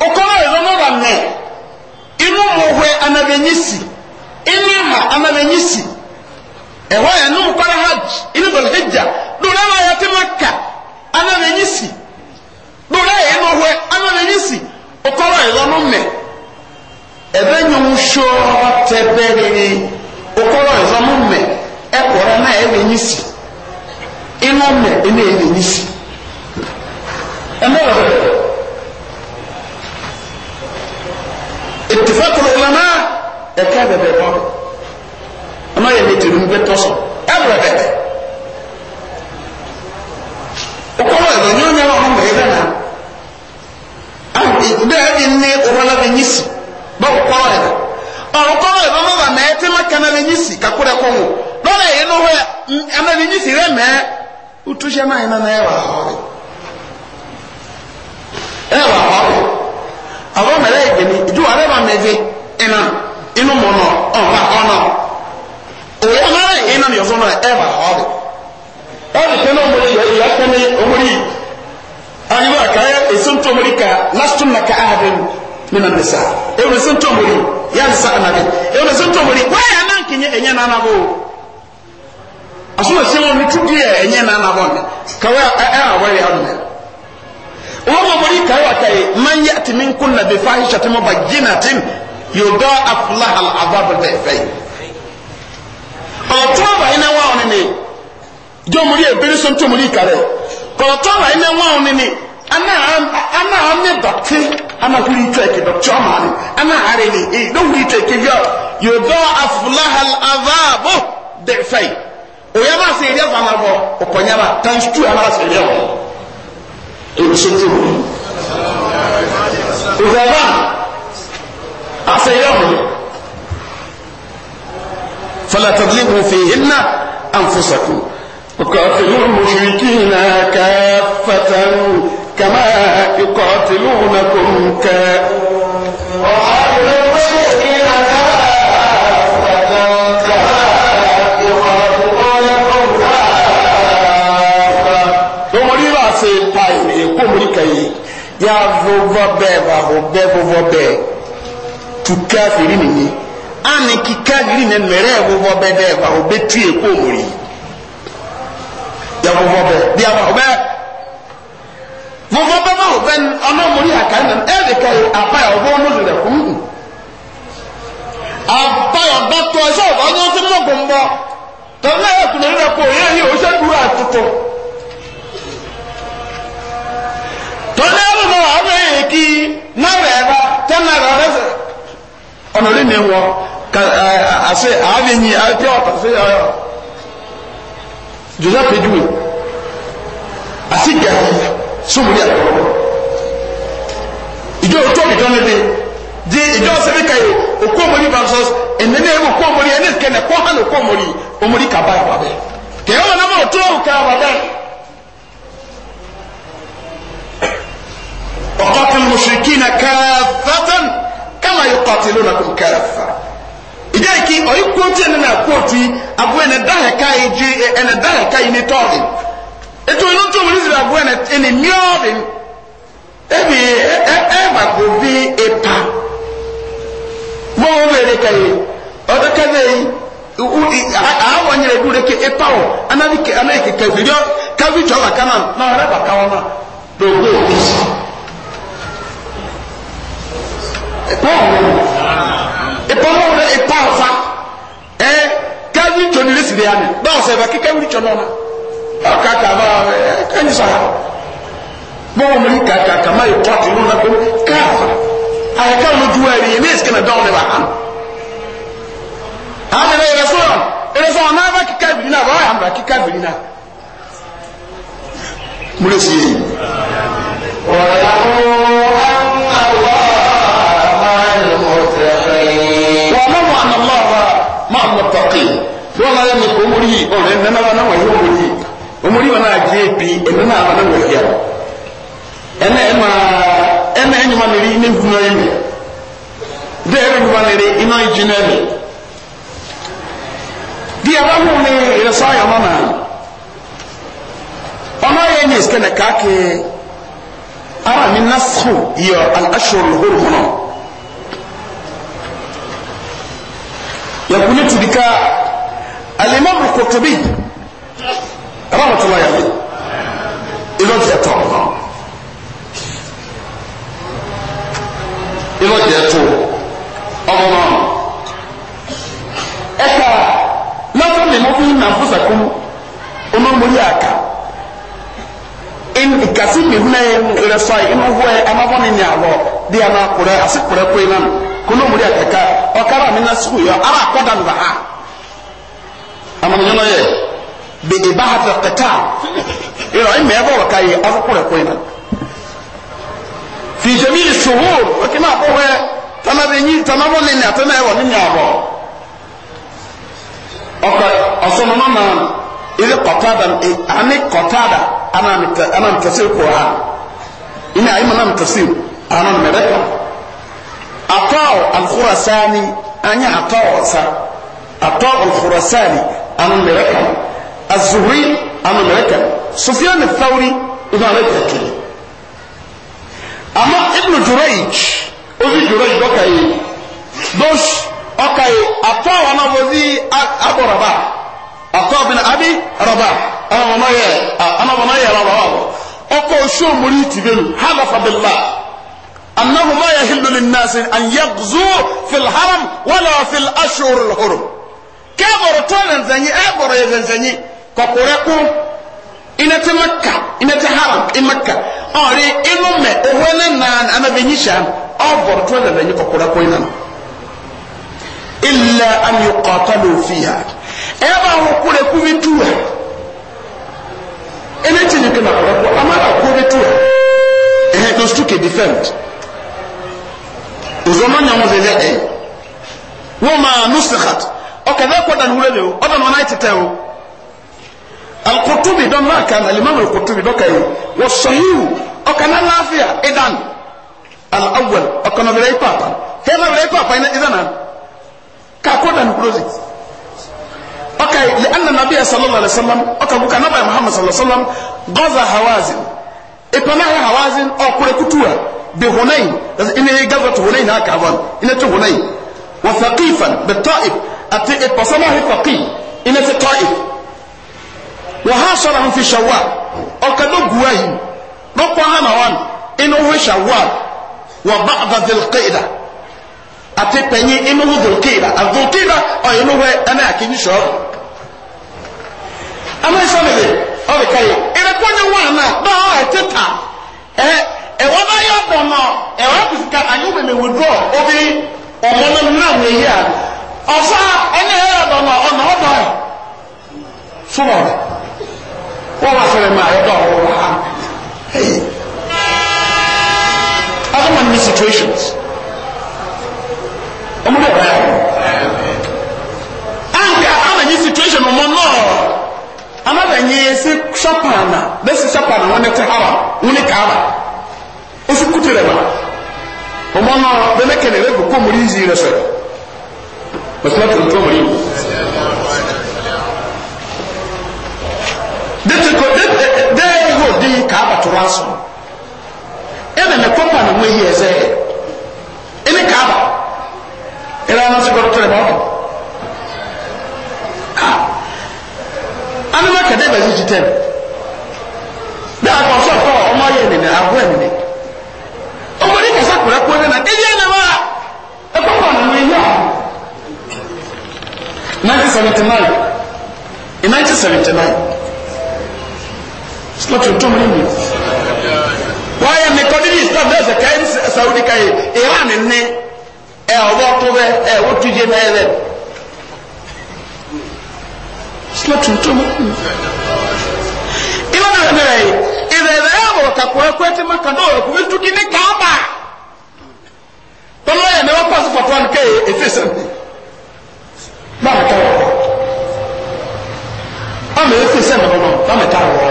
ɔkɔ na yɛ lɔnɔ ba mɛ. ana e na enyi si lórí ẹ̀yẹ ní ọwọ́ ana na enyi si ọkọlọ ẹ̀ lọ́nà mẹ́ ẹ̀bẹ̀ nyẹ ń sọ tẹ bẹ́ẹ̀ ni ọkọlọ ẹ̀ lọ́nà mẹ́ ẹ kọ̀ọ̀rọ̀ náà ẹ̀ na enyi si inú mẹ́ ẹ̀ na ẹ̀ na enyi si ẹ̀ mọ̀ rẹ̀ ìtìfẹ́kùrọ̀ ìlànà ẹ̀ka bẹ̀bẹ̀ bọ̀ ọ̀nà yẹn ní tìrìmù bẹ́ẹ̀ tọ́sọ̀ do nyonya wa mo mebe na ah be inni ubala be nyisi ba ko ya o ko ya ba mo ba me te ma kana be nyisi ka kure ko mo do le yi no he ama be re me utu je mai na na ya wa ho e wa ho awon mele e ni ju are ba meve ina inu mo no o ba ono o ya na ina ni o so e ba ho ɛni tɛ n'o mori yɛrɛ yɛrɛ tɛmɛ o mori ani wa ka yɛ esun t'o mori ka lasun na ka ahadu ne na nisa ewu esun t'o mori yanni sa kana bi ewu esun t'o mori wa yɛ anan kinye enye nana bo asuma si wɔn nitu di yɛ enye nana bo ne kawa ɛ ɛ awɔ yɛ ɔmɛ wɔn mo mori ka wa ka man yɛ ti min kun na bi fa ahisha ti ba jina ti yodɔ afula hal ababu bɛɛ fɛ ɔtɔn ba yi na wa ɔne ne jomori ebere so ntomori kare kɔlɔtɔ wa ɛnɛ wɔn nini ana ana ame dɔte ana huri tɛki dɔte ɔma ni ana are ni ee ne huri tɛki yɔ yodɔ afulahal avaabo de fɛyi oya ma se eriya fana bɔ ɔkɔnyaba times two ama se eriya wɔ ebi so ntomori ɔzɔba ase eriya wɔ fɔlɔ tɔgili wo fi hinna anfusakum. وقاتلوا المشركين كافة كما يقاتلونكم كافة kayi ya vovɔ bɛɛ ba ho bɛɛ vovɔ bɛɛ tuka firi nini ani kika giri ne mɛrɛ vovɔ bɛɛ bɛɛ ba ho bɛ tue ko mori ya vɔvɔ bɛ di ama o bɛ vɔvɔ bɛ ma o bɛ ɔnɔ mori aka nam ɛdi ka yi aba yɛ ɔbɔ ɔno lɛ kum aba yɛ ɔba tɔ ɛsɛ ɔba ɔnyɛ ɔsɛ mo gɔm bɔ tɔn na yɛ kuna yɛ kɔ yɛ yɛ ɔsɛ duro atoto tɔn na yɛ lɔbɔ ɔbɛ yɛ ki na rɛ ba tɛ na rɛ ɔrɛ sɛ ɔnɔ de ne wɔ ka ɛɛ ase aave nyi ɛɛ pɛ ɔtɔ se yɛ Giuseppe Due àsìkè sómùlì àtọ ìjọ òtó ìjọ níbi di ìjọ sẹbi kàyè òkú òmòlì versus ẹnẹnẹ ẹmu òkú òmòlì ẹni kẹnẹ kọ hàn òkú òmòlì òmòlì kàbá ẹwà bẹ kẹyọ wọn náà òtó òkè ẹwà bẹ. وقاتل المشركين كافة كما يقاتلونكم كافة إذا كي أي كوتي أنا كوتي abu ene dahe kai ji ene e dahe kai ni tobi eto no to wuri zira abu ene ene miobi ebi eba e, e ko bi epa mo wele kai odo kaze uri awo nyere dure ke epa o anani ke anani ke ke video ka bi jo kana na ora ba ka ona do go bi epa epa epa fa eh ni tso ni lesi de yanni bawo sɛ ɛfɛ kika wuli tso nɔ na ɔka kaba ɛ kanyi sa ha bawo mo ni kaka kama yi tɔ ti nuna ko kaafa a yɛ kan mo yi ne sigi na dɔn ne ba kan a nana yɛrɛ sɔrɔ yɛrɛ sɔrɔ n'a bɛ kika biri na a b'a yɛrɛ kika biri na mo lesi ọ̀rọ̀ ẹ̀ nana wọn wọ̀nyí wọn yìí ọmọdé wọn náà jẹ́ epi ẹ̀nà náà wọn náà wọ̀nyí wa ẹ̀nà ẹ̀ máa ẹ̀nà ẹ̀ nyuma nìrí ní nkun náà yìí dẹ́ ẹ̀rọ nyuma nìrí iná yìí jìnnà mi di ẹ̀ bá wọn ní ìrẹsà yọ̀ mọ́ náà ọ̀nà yẹ ní ìsikẹ́nẹ̀ káàkiri ara mi nasu yọ aṣọ lóhùrù náà yẹ kú ní tùdíkà. الإمام القرطبي رحمة الله عليه إذا جاءت الله إذا جاءت الله لا تظلموا فيهم أنفسكم أمام mi huna ye nkere sɔ ye inu dị ye ama bɔ ne nya lɔ na no ko ama nyɔnɔ yɛ bi iba hafi kata yɔrɔ ayi mɛɛ bɔrɔ ka ye ɔfɔ kura koyi na fi jami suhur o kì í ma kó wɛ tana bɛ nyi tana bɔ ne nya tana yɛ wɔ ne nya bɔ ɔkɔ ɔsɔnɔnɔ na ile kɔtada ani kɔtada ana mi tɛ ana mi tɛ ko ha ina ayi ma na mi ana mi mɛrɛ kan atɔ alukura saani an atɔ wɔ atɔ alukura saani anu mɛrɛka azuhuri anu mɛrɛka sofiya ni thawri inu amɛrika kiri ama ibnu jurayj ozi jurayj dɔka yi dos ɔka yi atɔ wɔn a wozi abɔ raba atɔ bi na abi raba ana wɔn ayɛ ana wɔn ayɛ raba wa wɔ ɔkɔ osuo mori ti belu ha lafa billah. أنه لا يحل للناس أن يغزوا في الحرم ولا في الأشهر الحرم keboro to na zanyi eboro ya zanyi kokore ku ina ta makka ina ta haram in makka ori inu me ohwele na ana benyi sham oboro to na zanyi kokore ku ina illa an yuqatalu fiha eba hukure ku bitua ene tinye kana kokore ku amara ku bitua eh those two can defend uzoma nyamuze eh wama nusikhat ọkẹ̀dẹ́ kọ́ dànù wúlẹ̀ o ọdún wọn náà tẹ̀tẹ̀ o alukutubi dọ́n náà kan alimami alukutubi dọ́kà yìí wọ́n sọ̀yìn ọkàn náà láàfíà ìdán alawal ọkàn náà bẹ̀rẹ̀ ìpàpà hẹ́ẹ́ náà bẹ̀rẹ̀ ìpàpà iná ìdáná kakọ́ dànù closet ọkà yìí lè anna nabiya sallallahu alayhi wa sallam ọkà buka nabaya muhammad sallallahu alayhi wa sallam gọ́za hawazin ìpamẹ́hẹ́ hawazin ọkùnrin kutuwa bi hunayin ina gaza tu hunayin haka avan ina tu hunayin wa thaqifan bi ta'ib Ati ìpàsámáhì pàkì iná ti tọ́ ì wọ́n há sọ́ra ń fi ṣàwà ọ̀kẹ́ ló gùn ẹ̀yìn lọ́pọ̀ wọn inú hu ṣàwà wọ́n bá àdàdìlkéèdà àti penyi inú hu dùlkéèdà àdùlkéèdà o oh, inú hu ẹ̀ná àkíní sọ̀rọ̀ ama ẹsẹ mi le ọbẹ ni ọ ẹtí ta ẹ ẹwọ náà yọ ọdọ obi ọ̀sá ẹni ẹ̀rọ ọ̀dọ̀nà ọ̀nà ọ̀dọ̀ ẹ̀ súnmọ̀ rẹ̀ wọ́n wá fẹ́rẹ̀ máa ẹ̀dọ̀ ọ̀rọ̀ wá ha other man ní situations ọmọdé ọ̀rẹ́ ànkà ànàyí situation ọmọ náà anábẹ̀yẹ sí sọ́pàánà bẹ́sí sọ́pàánà wọn ní tẹ́hárà wọn ní kàárà ó sì ọmọ náà masalatu ntɔ mɔri dete ko dete dee yiwo di kaaba tora so ɛna ne kɔpa ne wo yie sɛ ɛne kaaba ɛna ano se kɔrɔ tere bɔtɔ ha anuma kɛdɛ bɛ yi ti tɛm ne akɔsɔ kɔ ɔmɔ yɛ nene aboɛ nene ɔmɔ ne kasa kura kura nena ɛyɛ nama. 1979 in 1979 slot to mimi waya mekodini islam dɛ sɛ kae saudi ka ye iran nne ɛ ɔbɔ to bɛ ɛ wo tuje na yɛ dɛ slot to mimi ilana ne bɛ ye ìrẹ̀lẹ̀ ẹ̀wọ̀ kakura kwete maka náà ọ̀rọ̀ kùbí tukí ní kaaba tọ́lọ́ yẹn ní wọ́n pàṣẹ pàtó ànúkẹ́ yẹ efi sẹ́mi báwo kọ́ wọ̀ ọmọ efi sẹ́ mọ̀ nọ báwo ká wọ̀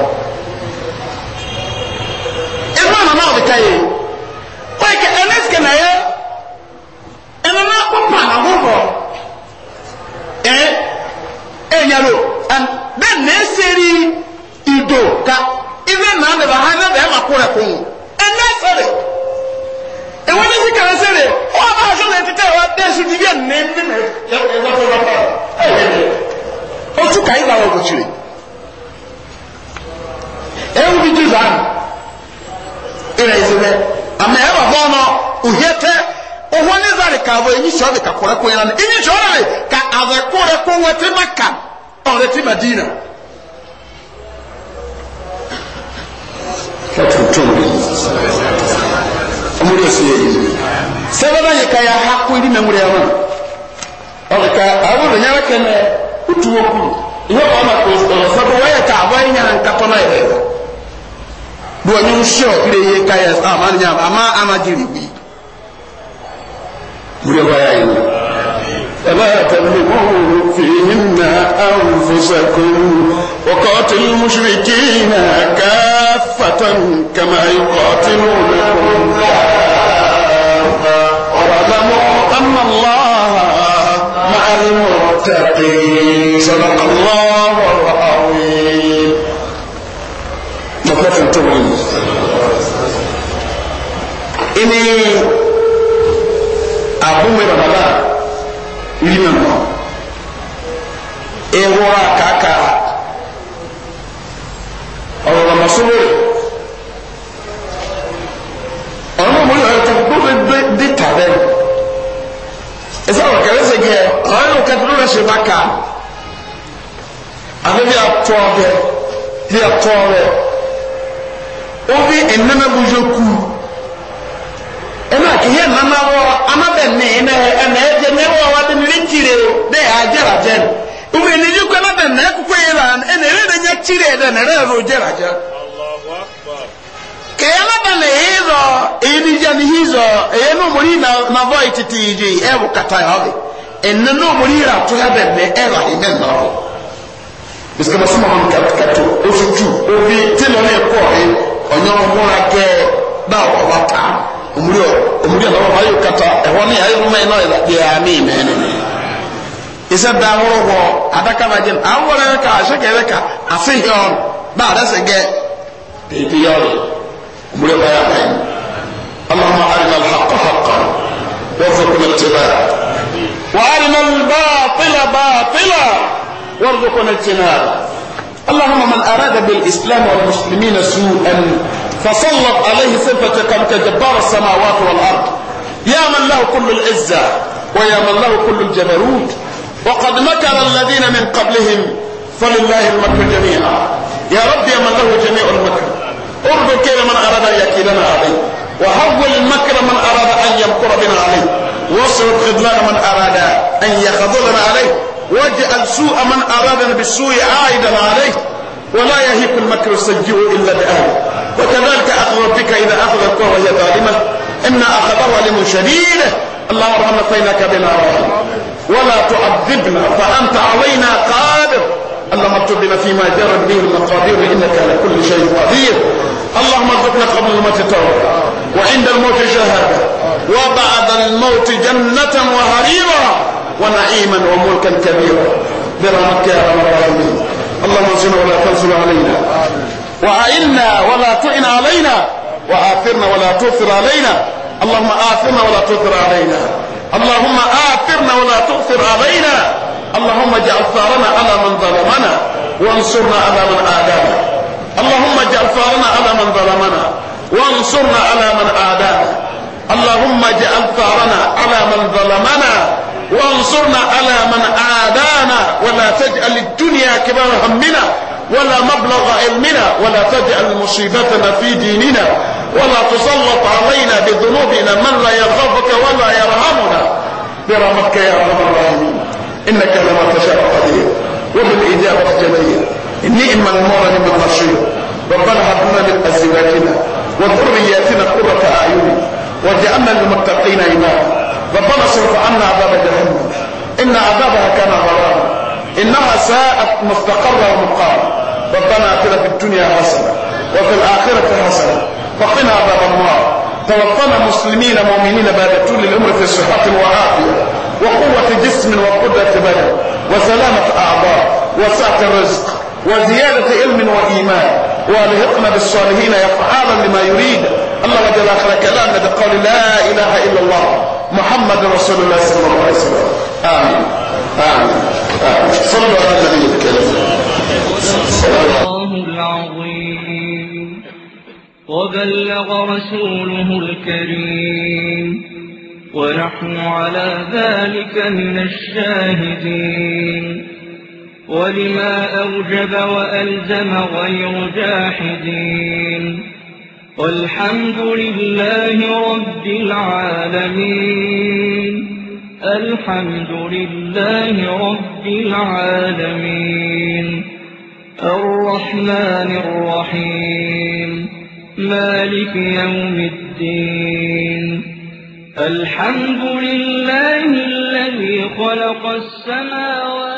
ẹgbẹ́ ọ̀nà náà ọ̀dẹ̀ka yìí wọ́n yìí kẹ́ ẹni sikẹ́ náà yẹ ẹni náà kó pa àhóhọ̀ ẹ ẹ nyalo bẹ́ẹ̀ ní eseri ìdò ká ibi náà nà bá ha ẹ bẹ́ẹ̀ ma kó rẹ̀ kó mu ẹ ẹ̀wọ́n ní síkà ń sèrè wọ́n bá aṣọ lè títẹ̀ wá dé sí ti bí ẹ̀ ní bí mẹ́ ẹ̀wọ́n tó lọ́pọ̀ ó tún kà í bá wọn kò tìrì ẹ̀wọ́n bí jù zánù ìrẹ̀ ìsinmi àmì ẹ̀wà bọ́ ọ̀nà òhìẹ́ tẹ́ ohun ní zari ka abo enyi sɔɔ de ka kɔrɛ ko yɛlɛ enyi sɔɔ de ka azɛ kɔrɛ ko ti ma diina. Kɛ omuli osiyeye sababa yeka yahakwiri memuli yamana okka abulo nyabakene utuwa okulu iwe wamasabu wayetaaba inyankatona yerewa duwanyi nsho ile yeka ya amani nyama ama amajiri bwi muli oba yayina فلا تظلموا فيهن أنفسكم وقاتلوا المشركين كافة كما يقاتلونكم واعلموا أن الله مع المتقين صدق الله العظيم مكافة تبعي إني أبو مرة ewura kaka ọ̀rọ̀ masoro ọ̀nà mo yọ̀ ẹ̀tọ́ gbogbo di tàbẹ́ ẹ̀sẹ̀ ọ̀rọ̀ kẹrẹ́ sẹ̀ gẹ̀ ọ̀rọ̀ yóò kẹtọ́ lórí ẹ̀sẹ̀ bá ka àbí bí atọ́ ọbẹ̀ bí atọ́ ọbẹ̀ obi ẹ̀nana bu yẹ kú ẹnu àkìyẹ nana wọ anabẹ nìyẹn ẹnna ẹjẹ mẹwàá wa dẹni lẹtìrẹ dẹ àjẹrà jẹni. uwe ni yukwe na dana ya kukwe na ene rere nye na ja ke ya na dana hizo ini jani hizo eye no muri na na voi titi iji kata ya ene no muri ra na ho na suma hon kat ne ko e ke omuri o omuri na yo kata ayo no me ne isa da horo ho adaka ba jin an wala ka ashe ke ka afi yon ba da se ge bi bi yon mure ba ya kai allahumma arina al-haqq haqqan warzuqna ittiba'a wa arina al-batila batila warzuqna ijtinaba اللهم من أراد بالإسلام والمسلمين سوءا فسلط عليه صفتك كجبار السماوات والأرض يا من له كل العزة ويا من له كل الجبروت وقد مكر الذين من قبلهم فلله المكر جميعا يا رب يا من له جميع المكر ارد كيد من اراد ان يكيدنا عليه وهول المكر من اراد ان يمكر بنا عليه واصرف خذلان من اراد ان يخذلنا عليه واجعل سوء من ارادنا بالسوء عائدا عليه ولا يهيك المكر السيء الا باهله وكذلك اخذ ربك اذا اخذ القرى وهي ظالمه ان اخذه علم شديد اللهم ارحمنا فانك بنا راحم فأنت علينا قادر اللهم اكتبنا فيما جرت به المقادير إنك على كل شيء قدير اللهم ارزقنا قبل الموت توبة وعند الموت شهادة وبعد الموت جنة وهريرا ونعيما وملكا كبيرا برحمتك يا رب العالمين اللهم انصرنا ولا تنصر علينا وعنا ولا تعن علينا وآثرنا ولا تؤثر علينا اللهم آثرنا ولا تؤثر علينا اللهم آثرنا ولا تغفر علينا اللهم اجعل ثارنا على من ظلمنا وانصرنا على من آدانا اللهم اجعل ثارنا على من ظلمنا وانصرنا على من آدانا اللهم اجعل ثارنا على من ظلمنا وانصرنا على من عادانا ولا تجعل الدنيا كبار همنا ولا مبلغ علمنا ولا تجعل مصيبتنا في ديننا ولا تسلط علينا بذنوبنا من لا يخافك ولا يرهمنا برحمتك يا ارحم الراحمين انك لما تشاء قدير وبالاجابه جميل نعم المولى من النصير ربنا هب لنا من ازواجنا وذرياتنا قرة اعين واجعلنا للمتقين اماما ربنا صرف عنا عذاب جهنم إن عذابها كان غرامة إنها ساءت مستقرة ومقامة ربنا اتنا في الدنيا حسنة وفي الآخرة حسنة فقنا عذاب النار توفنا مسلمين مؤمنين بعد طول العمر في صحة وعافية وقوة جسم وقدرة بدن وسلامة أعضاء وسعة الرزق وزيادة علم وإيمان والهقنا بالصالحين يفعالا لما يريد الله وجل آخر كلامه قول لا إله إلا الله محمد رسول الله صلى الله عليه وسلم آمين آمين آمين صلوا على النبي الكريم الله العظيم وبلغ رسوله الكريم ونحن على ذلك من الشاهدين ولما أوجب وألزم غير جاحدين والحمد لله رب العالمين الحمد لله رب العالمين الرحمن الرحيم مالك يوم الدين الحمد لله الذي خلق السماوات